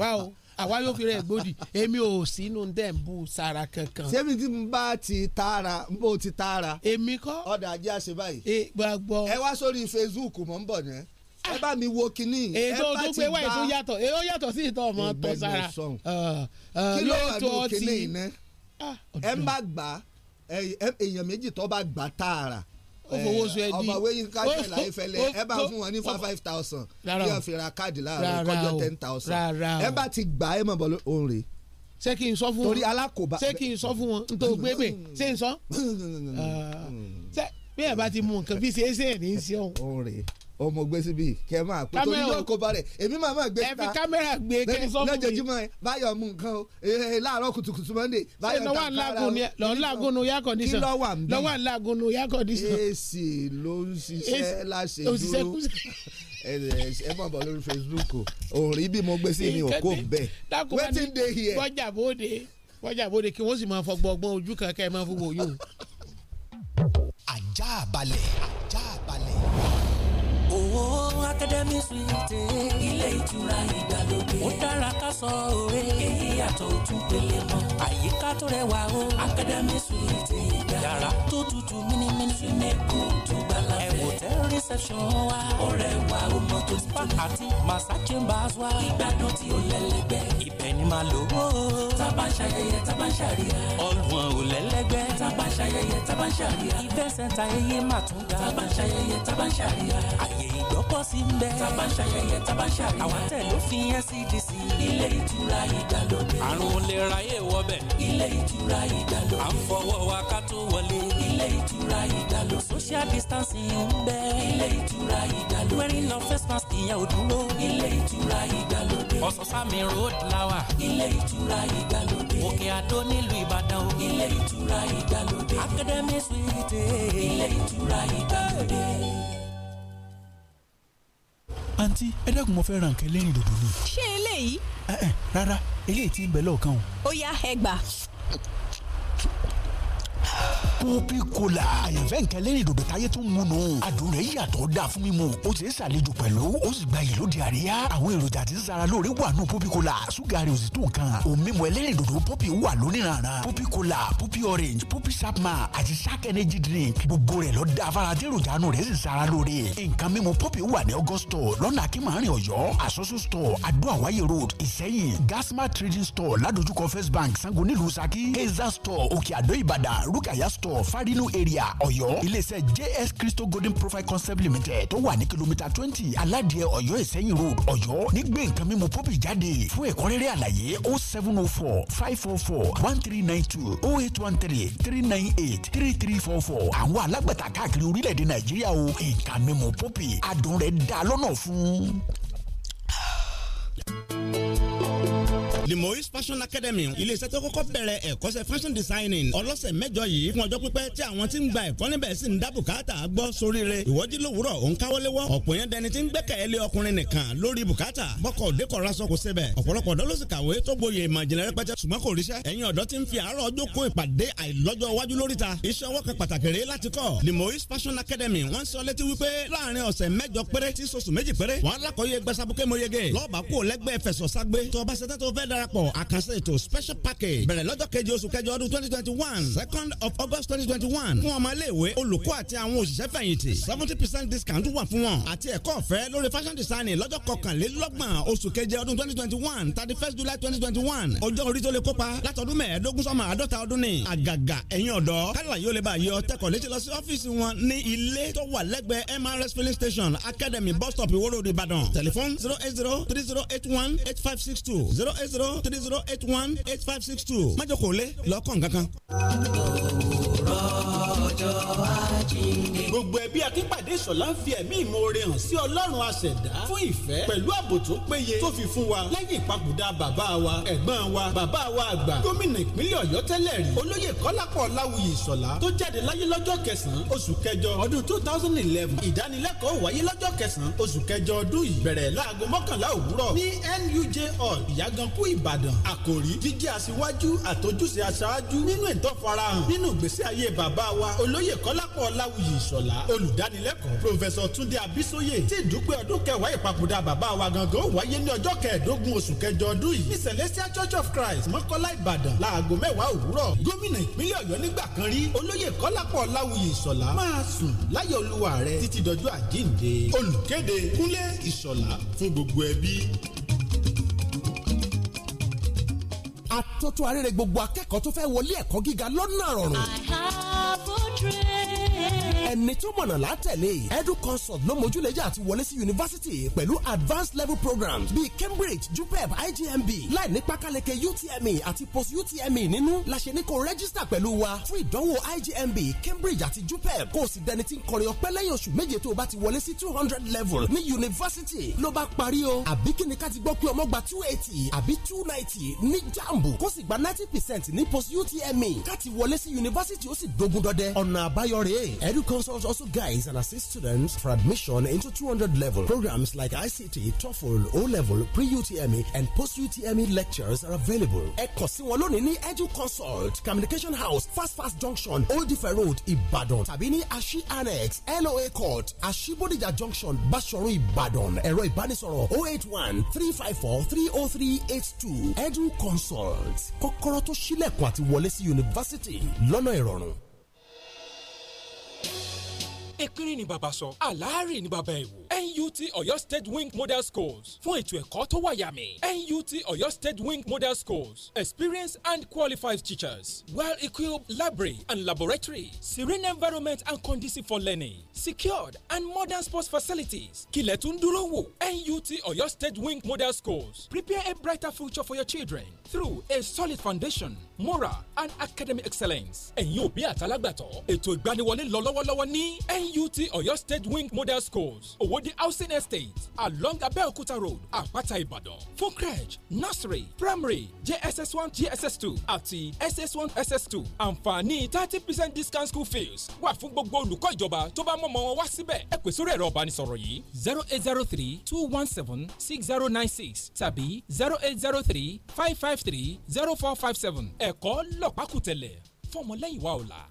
wa o. àwa yóò fi rẹ̀ gbòdì èmi ò sínú dẹ̀ ń bu sara kankan. sẹ́mi tí mo bá ti tààrà n bò ti tààrà. èmi kọ́. ọ̀dà ajé àṣẹ báyìí. ẹ gbàgbọ́. ẹ wá sórí Facebook mò ń bọ̀ yẹn ẹ bá mi wo kinní. Ah, èyí tó tó wáyé tó yàtọ̀ èyí yàtọ̀ sí ìtọ̀ ọmọ tó sára. Ah, ah, kí ló wà ẹ má gbà èèyàn méjì tó bá gbà tààrà ó fowó sọ ẹ di ọmọwé yín ká ṣẹlẹ̀ ayéfẹ́lẹ́ ẹ bá fún wọn ní five five thousand kí wọ́n fi ra káàdì láàárọ̀ kọjọ ten thousand ẹ bá ti gbà ẹ mọ̀ bọ̀ lóhùn rè. ṣé kí n sọ fún wọn torí alákòóbá ṣé kí n sọ fún wọn nítorí gbégbé ṣé n sọ ah. bí ẹ bá ti mú nǹkan bí ṣe é ṣe é ní í ṣe òun ọmọ gbé síbi kẹ máa pé torí yóò kó bá rẹ èmi máa máa gbé ta ẹ fi kámẹ́rà gbé kẹ fún mi lọ́jọ́júmọ́ ẹ báyọ̀ mú nǹkan o eh, láàárọ̀ kùtùkùtù monday báyọ̀ ta kára o lọ ńlágun nu yá condition kí lọ wà mí lọ wà ńlágun nu yá condition. èsì ló ń ṣiṣẹ́ láṣẹ dúró ẹ mọ̀ bọ̀ lórí facebook o òòrì bí mo gbé sí mi ò kó bẹ́ẹ̀ wetin dey here. bọ́jà Owó Akademi Suite. Ilé ìtura ìgbàlódé. Ó dára ká sọ òwe. Èyí yàtọ̀ ojú pele mọ́. Àyíká tó rẹwà o. Akademi Suite ìgbà. Yàrá tó tutù mímímí. Súnmẹ́kù tó gbàlá fẹ́. Ẹ̀wòtẹ́ reception wa. Ọ̀rẹ́ wa ó mọ tó ti tó. Spa àti Massa Chambers wa. Ìgbádùn tí ó lẹ́lẹ́gbẹ́. Ibẹ̀ ẹni máa lò ó. tábà ń ṣayẹyẹ tábà ń ṣàríyá. ọlùwọ̀n ò lẹ́lẹ́gbẹ́. tábà ń ṣayẹyẹ tábà ń ṣàríyá. ìfẹsẹ̀ta ẹyẹ máa tún ga. tábà ń ṣayẹyẹ tábà ń ṣàríyá. àyè ìgbọ́kọ̀sí ń bẹ. tábà ń ṣayẹyẹ tábà ń ṣàríyá. àwọn tẹ̀ ló fi NCDC. E ilé ìtura ìdàlódé. àrùn lè ráyè wọbẹ̀. ilé ìtura ìdàlódé. à ń fọwọ́ wa ká tó wọlé ilé ìtura ìdàlọ́. social distancing ń bẹ. ilé ìtura ìdàlọ́. wearing no face mask ìyẹn ò dúró. ilé ìtura ìdàlódé. ọ̀sán-sámi road lawa. ilé ìtura ìdàlódé. òkè àdó nílùú ìbàdàn o. ilé ìtura ìdàlódé. academy suite. ilé ìtura ìdàlódé àǹtí ẹ mo fẹ́ ra nǹkan lẹ́yìn dòdò ni. ṣé eléyìí. ẹ eh, ẹ eh, rárá eléyìí tí ń bẹ lọ́ọ̀kan o. ó yá ẹ pọ́pì kola àyànfẹ́ nǹkan lẹ́yìn dòdò táyé tó ń múnú adùn rẹ̀ yàtọ̀ dà fún mímu ó ṣe é ṣàlejò pẹ̀lú ó sì gba ìlú di àríyá àwọn èròjà tí ń sara lóore wà nù pọ́pì kola ṣúgà rẹ̀ ò sì tó nǹkan òun mímu ẹlẹ́rìn dòdò pọ́pì wà lóníranran pọ́pì kola pọ́pì orange pọ́pì sapma àti shark energy drink gbogbo rẹ̀ lọ da afárá tí èròjà nù rẹ̀ sì sara lóore nǹkan mímu pọ́pì wà ní augusto lọ́nà akínmọ́rin ọ̀yọ́ àsọ́sọ́ store adó àwáyé road ìsẹ́yìn gasma trading store ládojúkọ first bank sango nílùú saki store òkè àdó olùkàyà store farinu area ọ̀yọ́ iléeṣẹ́ js crystal golden profile concept limited tó wà ní kìlómítà twenty aládìẹ ọ̀yọ́ ìsẹ́yìn road ọ̀yọ́ nígbè nǹkan mímu popi jáde fún ẹ̀kúnrẹ́rẹ́ àlàyé o oh seven o oh four five four four one three nine two o oh eight one three three nine eight three three four four àwọn alágbàtà káàkiri orílẹ̀-èdè nàìjíríà o nǹkan mímu popi adùn rẹ̀ dá lọ́nà fún the moist fashion academy iléeṣẹ́ tó kọ́kọ́ bẹ̀rẹ̀ ẹ̀kọ́ṣẹ́ fashion designing ọlọ́sẹ̀ mẹ́jọ yìí fún ọjọ́ pípẹ́ tí àwọn tí ń gba ẹ̀kọ́ níbẹ̀ sì ń dá bùkátà gbọ́ sóríire ìwọ́jí lówùrọ̀ òun káwọ́léwọ́ ọ̀pọ̀ yẹn dẹni tí ń gbẹ́kẹ̀lé ọkùnrin nìkan lórí bùkátà bọ́kọ̀ òdekọ̀ raṣọ kò sebẹ̀ ọ̀pọ̀lọpọ̀ ọ̀dọ́ ló sì kàwé tó gboyè ìmọ̀ ìjìnlẹ̀ rẹpẹtẹ ṣùgbọ́n kò ríṣẹ́ ẹ̀yin ọ̀dọ́ ti ń fi àárọ̀ ọjọ́ kó ìpàdé àìlọ́jọ́ iwájú lóríta iṣẹ́ ọwọ́ kan pàtàkì rèé láti kọ́ the moist fashion academy wọ́n sọ létí wípé láàrin ọ̀sẹ̀ mẹ́jọ péré tí sọ̀sù méjì péré wọ́n alákọ̀ọ́yẹ gbẹ́sàbùkẹ́ mọ́yege lọ́ọ̀bà kó lẹ́gbẹ́ fẹ̀sọ̀ ságbé tó bá ṣetán tó fẹ́ d darapọ̀ àkànṣe ètò special package bẹ̀rẹ̀ lọ́jọ́ keje oṣù kẹjọ ọdún twenty twenty one second of august twenty twenty one fún ọmọ iléèwé olùkọ́ àti àwọn òṣìṣẹ́ fẹ̀yìntì seventy percent discount wà fún wọn àti ẹ̀kọ́ ọ̀fẹ́ lórí fashion design lọ́jọ́ kọkànlélọ́gbọ̀n oṣù keje ọdún twenty twenty one thirty first july twenty twenty one ọjọ́ orí tó lè kópa látọdún mẹ́ẹ̀ẹ́dógún sọ́mọ àádọ́ta ọdún ni àgàgà ẹ̀yin ọ̀dọ́ kálá yóò three zero eight one eight five six two májòkó lé lọ́kàn kankan. Gbogbo ẹbí akípàdé ìṣọ̀lá ń fi ẹ̀mí ìmoore hàn sí Ọlọ́run àṣẹ̀dá fún ìfẹ́ pẹ̀lú ààbò tó péye tó fi fún wa lẹ́yìn ìpapòdà bàbá wa ẹ̀gbọ́n wa bàbá wa àgbà gómìnà ìpínlẹ̀ Ọ̀yọ́ tẹ́lẹ̀ rí olóyè Kọ́lápọ̀ Ọláwuyì Ìṣọ̀lá tó jáde láyé lọ́jọ́ kẹsàn-án oṣù kẹjọ ọdún two thousand eleven ìdánilẹ́kọ̀ọ́ wáyé lọ́jọ́ kẹsàn-án oṣù kẹjọ ọdún yìí bẹ̀rẹ̀ láago mọ́kànlá òwúrọ̀ ní NUJ Hall ìyàgànkú Ìbàdàn àkòrí jíjẹ́ aṣíwájú àtọ́júṣe aṣáájú nínú ìtọ́farahàn nínú ìgbésí ayé bàbá wa olóyè kọ́lápọ̀ ọláwùyí ìṣọ̀lá olùdánilẹ́kọ̀ọ́ pòfẹ́sọ̀ túndé abísóyè tí ìdúpẹ́ ọdún kẹwàá ìpapòdà bàbá wa gangan ó wáyé ní ọjọ́ kẹẹ̀ẹ́dógún oṣù kẹjọ ọdún yìí ní celestial church of christ mọ́kọ́lá ìbàdàn láago mẹ́wàá òwúrọ̀ gómìnà ìpínlẹ̀ ọ̀yọ́ nígbà kan rí olóyè kọ́lápọ̀ ọláwùyí ìṣọ̀lá máa sùn láyọ̀ olúwa rẹ̀ atótó arére gbogbo akẹ́kọ̀ọ́ tó fẹ́ wọlé ẹ̀kọ́ gíga lọ́nà rọrùn. I have a dream ẹni tó mọ̀nà látẹ̀lé edu consult ló mójúlẹ̀jà àti wọlé sí yunifásitì pẹ̀lú advanced level programs bíi Cambridge JUPEB IGMB. láì ní pákáleke UTME àti post UTME nínú la ṣe ní kó rẹ́gísítà pẹ̀lú wa fún ìdánwò IGMB, Cambridge àti JUPEB kó o sì dẹni tí ń kọrin ọpẹ́ lẹ́yìn oṣù méje tó o bá ti wọlé sí two hundred level ní yunifásitì ló bá parí o àbí kí ni ká ti gbọ́ pé ọmọ gba two eighty àbí two ninety ní jambu kó sì gba ninety percent ní post UTME ká ti wọlé sí yunifásitì ó sì dogun dọdẹ ọ̀nà àbáyọ rèé edu consult also guides and assists students for admission into 200 level. Programs like ICT, TOEFL, O level, pre UTME, and post UTME lectures are available. Ẹ̀kọ́ sí ní Edu Consult, Communication House, Fast Fast Junction, Old Ife Road, Ìbàdàn, Tabini Ashi Annex, LOA Court, Ashibodija Junction, Basoro, Ìbàdàn. Ẹ̀rọ ìbánisọ̀rọ̀ 081 354 30382. Edu Consult, Kokoroto tó Wallace University, wọlé sí Ekiri ni bàbá sọ àlárì ni bàbá ẹ̀wò NUT Ọ̀yọ́ State Wing Model Schools fún ètò ẹ̀kọ́ tó wà yàmì NUT Ọ̀yọ́ State Wing Model Schools experienced and qualified teachers well-equipped library and laboratory serene environment and conducive for learning secured and modern sports facilities kílẹ̀ tún dúró wò NUT Ọ̀yọ́ State Wing Model Schools prepare a brighter future for your children through a solid foundation moral and academic excellence ẹ̀yin òbí àtàlágbàtọ́ ètò ìgbaniwọlé lọ lọ́wọ́lọ́wọ́ ní NUT. AUT Oyo State Wing Model Schools, Owode Housing Estate, along Abeokuta Road, Apata Ibadan. For crèche, nursery, primary, JSS1, JSS2 àti SS1, SS2. Àǹfààní thirty percent discount school fees wà fún gbogbo olùkọ́ ìjọba tó bá mọ̀mọ́ wọn wá síbẹ̀. Ẹ pè sórí ẹ̀rọ ìbánisọ̀rọ̀ yìí zero eight zero three two one seven six zero nine six tàbí zero eight zero three five five three zero four five seven. Ẹ̀kọ́ lọ́pàkùtẹ̀lẹ̀ fọmọlẹ́yìn wa ọ̀la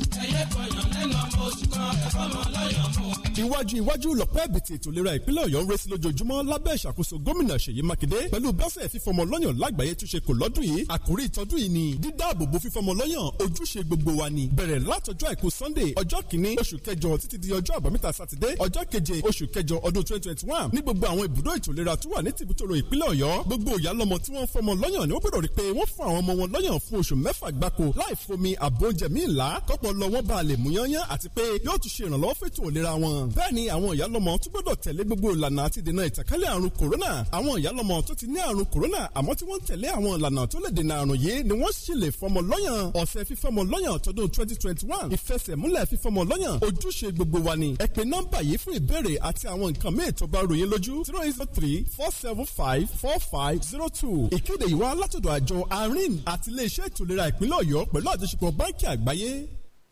ẹyẹ kọyàn lẹ́nu ọmọ oṣù kan ẹ̀fọ́ mọ́ lọ́yọ̀ mọ́ iwájú iwájú lọ́pẹ́ bẹ̀tẹ̀ ètò ìlera ìpínlẹ̀ ọ̀yọ́ ń resí lójoojúmọ́ lábẹ́ ìṣàkóso gómìnà ṣèyí mákindé pẹ̀lú bẹ́sẹ̀ fífọmọ lọ́yàn lágbàáyé túnṣe kò lọ́dún yìí àkórí ìtọ́dún yìí ni dídáàbòbò fífọmọ lọ́yàn ojúṣe gbogbo wa ni bẹ̀rẹ̀ látọjọ́ àìkú sunday ọjọ́ kìíní oṣù kẹjọ títí di ọjọ́ àbámẹ́ta sátidé ọjọ́ keje oṣù kẹjọ ọdún twenty twenty one ní gbogbo àwọn ibùdó ètò ìlera tó wà ní tìbútòrò ìpínlẹ̀ ọ̀yọ́ gbogbo ìyálọ́mọ tí wọ́n fọmọ lọ́yàn ni wọ́n gbọ́dọ̀ rí pé wọ́n fún àwọn ọmọ wọn lọ́yàn fún oṣù mẹ́fà gbáko ọpọlọ wọn bá lè mú yányán àti pé yóò tún ṣe ìrànlọ́wọ́ fètò ìlera wọn. bẹ́ẹ̀ ni àwọn ìyálọ́mọ tún gbọ́dọ̀ tẹ̀lé gbogbo ìlànà àti dènà ìtànkálẹ̀ àrùn kòrónà. àwọn ìyálọ́mọ tó ti ní àrùn kòrónà àmọ́ tí wọ́n ń tẹ̀lé àwọn ìlànà tó lè dènà àrùn yìí ni wọ́n ṣì lè fọmọ lọ́yàn. ọ̀sẹ̀ fífọmọ lọ́yàn tọdún twenty twenty one ìfẹsẹ̀múlẹ̀ fífọmọ lọ́yàn ojúṣe gbogbo wa ni. ẹ pe nọ́mbà yìí fún ìbéèrè àti àwọn nǹkan míì tó bá ròyìn lójú zero eight zero three four seven five four five zero two. ìkéde yìí wá látọ̀dọ̀ àjọ arin àti iléeṣẹ́ ètò ìlera ìpínlẹ̀ ọ̀yọ́ pẹ̀lú àjọṣepọ̀ báńkì àgbáyé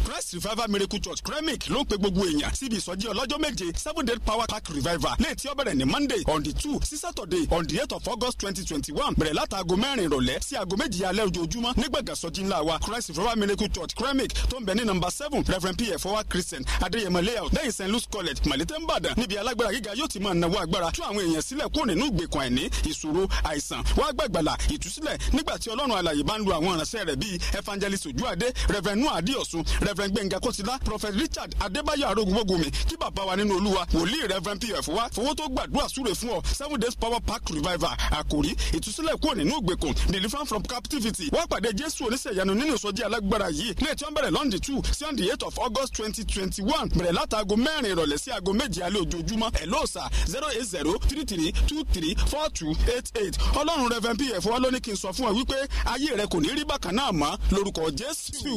christ revival miracle church kremik ló ń pe gbogbo èèyàn síbi ìsọjí ọlọ́jọ́ méje seven day power pack revival lẹ́yìn tí ó bẹ̀rẹ̀ ní monday on the two sí saturday on the eight of august twenty twenty one bẹ̀rẹ̀ látàgọ́ mẹ́rin ìrọ̀lẹ́ sí aago méjì alẹ́ ojoojúmọ́ nígbàgà sọjí ńlá wa christ revival miracle church kremik tó ń bẹ ní number seven reverend pf fowa christian adéyẹmọ layout lẹ́yìn st louis college malete nbàdàn níbi alágbára gíga yóò ti máa nawó agbára tú àwọn èèyàn sílẹ̀ kúrò nínú ìgbèkùn àìní ìṣòro àìsàn wá gbàgbàlà ìtúsílẹ̀ nígbà tí ọlọ́run alàyè bá ń lo àwọn ìránṣẹ́ evangelist ojú reverend noah adéọ̀sùn reverend gbẹ̀ngà kọ́sílá prophet richard adébáyọ̀ arógunmógunmi kí bàbá wa nínú olúwa wòlíì reverend pf wa fowó tó gbàdúrà súre fún ọ seven days power pack revival àkòrí ìtúsílẹ̀ kúrò nínú ìgbèkùn deliverance from captivity wá pàdé jésù oníṣẹ́yanu nínú ìsọjí alágbára yìí ní ètò ọ̀bẹ̀rẹ̀ lọ́ndì two sí the eight of august twenty twenty one bẹ̀rẹ̀ látàgò mẹ́rin ìrọ̀lẹ́ sí aago méje alẹ́ ojoojúmọ́ ẹ̀lọ́ọ̀sà zero eight zero three three two three four two eight eight ọlọ́run reverend pf wa ló ní kí n sọ fún ẹ wípé ayé rẹ kò ní rí bákan náà mọ́ lórúkọ jésù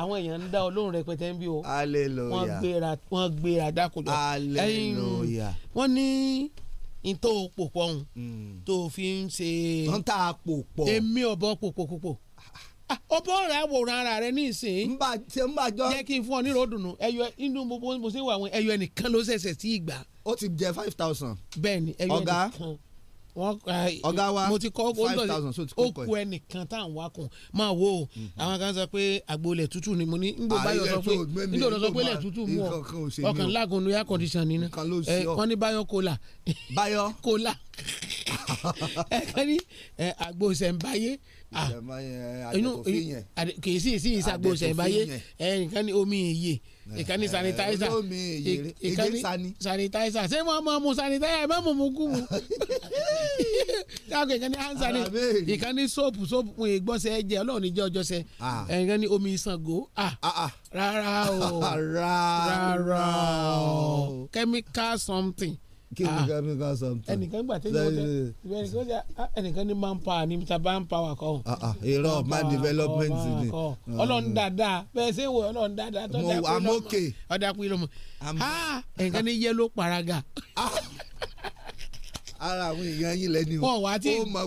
àwọn èèyàn ń dá Ọlọ́run rẹpẹtẹ ń bí o wọ́n gbéra wọ́n gbéra dákòjọ wọ́n ní ntọ́ òpò pọ̀ ọ̀hún hmm. tó fi ń ṣe. wọ́n ta àpò pọ̀. èmi ọ̀bọ pòpò pòpò ọbọ ah, rẹ àwòrán ara rẹ ní ìsìn. nba ṣe nba jọ. jẹ́ kí n fún ọ ní ròdùnú ẹyọ inú mo ṣe wà wọn ẹyọ ẹnìkan ló ṣẹ̀ṣẹ̀ sí ìgbà. ó ti jẹ five thousand. bẹ́ẹ̀ni ẹyọ ẹnìkan. ọ̀gá ọ̀gá wa five thousand so ti kó kọ́ ẹ̀. ó kú ẹnìkan tá à ń wá kùn máa wo mhm. àwọn kan sọ pé àgbolẹ̀ tútù ni mo ní ngbò báyọ̀ sọ pé nígbò lọ sọ pé lẹ̀ tútù mú ọ ọkàn lágùn air condition ni náà wọ́n ní báyọ̀ kola báyọ̀ kola ẹ̀kan ní àgbo sẹ̀ǹbáyé eh, inú kì í sì sí ìsàgbo sẹ̀ǹbáyé ẹ̀kan ní omi ìyè Eh, ìkànnì eh, sanitizer ìkànnì sanitizer ṣé mo mọ mu sanitizer ẹ má mọ mu kú mu ṣáàkì ìkànnì hansani ah, ìkànnì soap soap fún ìgbọ́nsẹ̀ ẹ̀jẹ̀ ọlọ́run níjẹ́ ọjọ́ sẹ́ ah. ẹ̀yìn ní omi ìsàngó ah, rárá o rárá o chemical something kí ni ká fi ká something. ẹnìkan gbà tẹ́lẹ̀ wọ́n ẹnìkan ní man power ní mr man power kọ́. Ah, ah, irọ́ man development ni. Ah. ọlọ́run dáadáa bẹ́ẹ̀ ṣé wo ọlọ́run dáadáa tó dáa pé lọ́mọ ọ̀dà pé lọ́mọ ẹnìkan ní yellow paraga. ara àwọn èèyàn yín lẹ́ni o.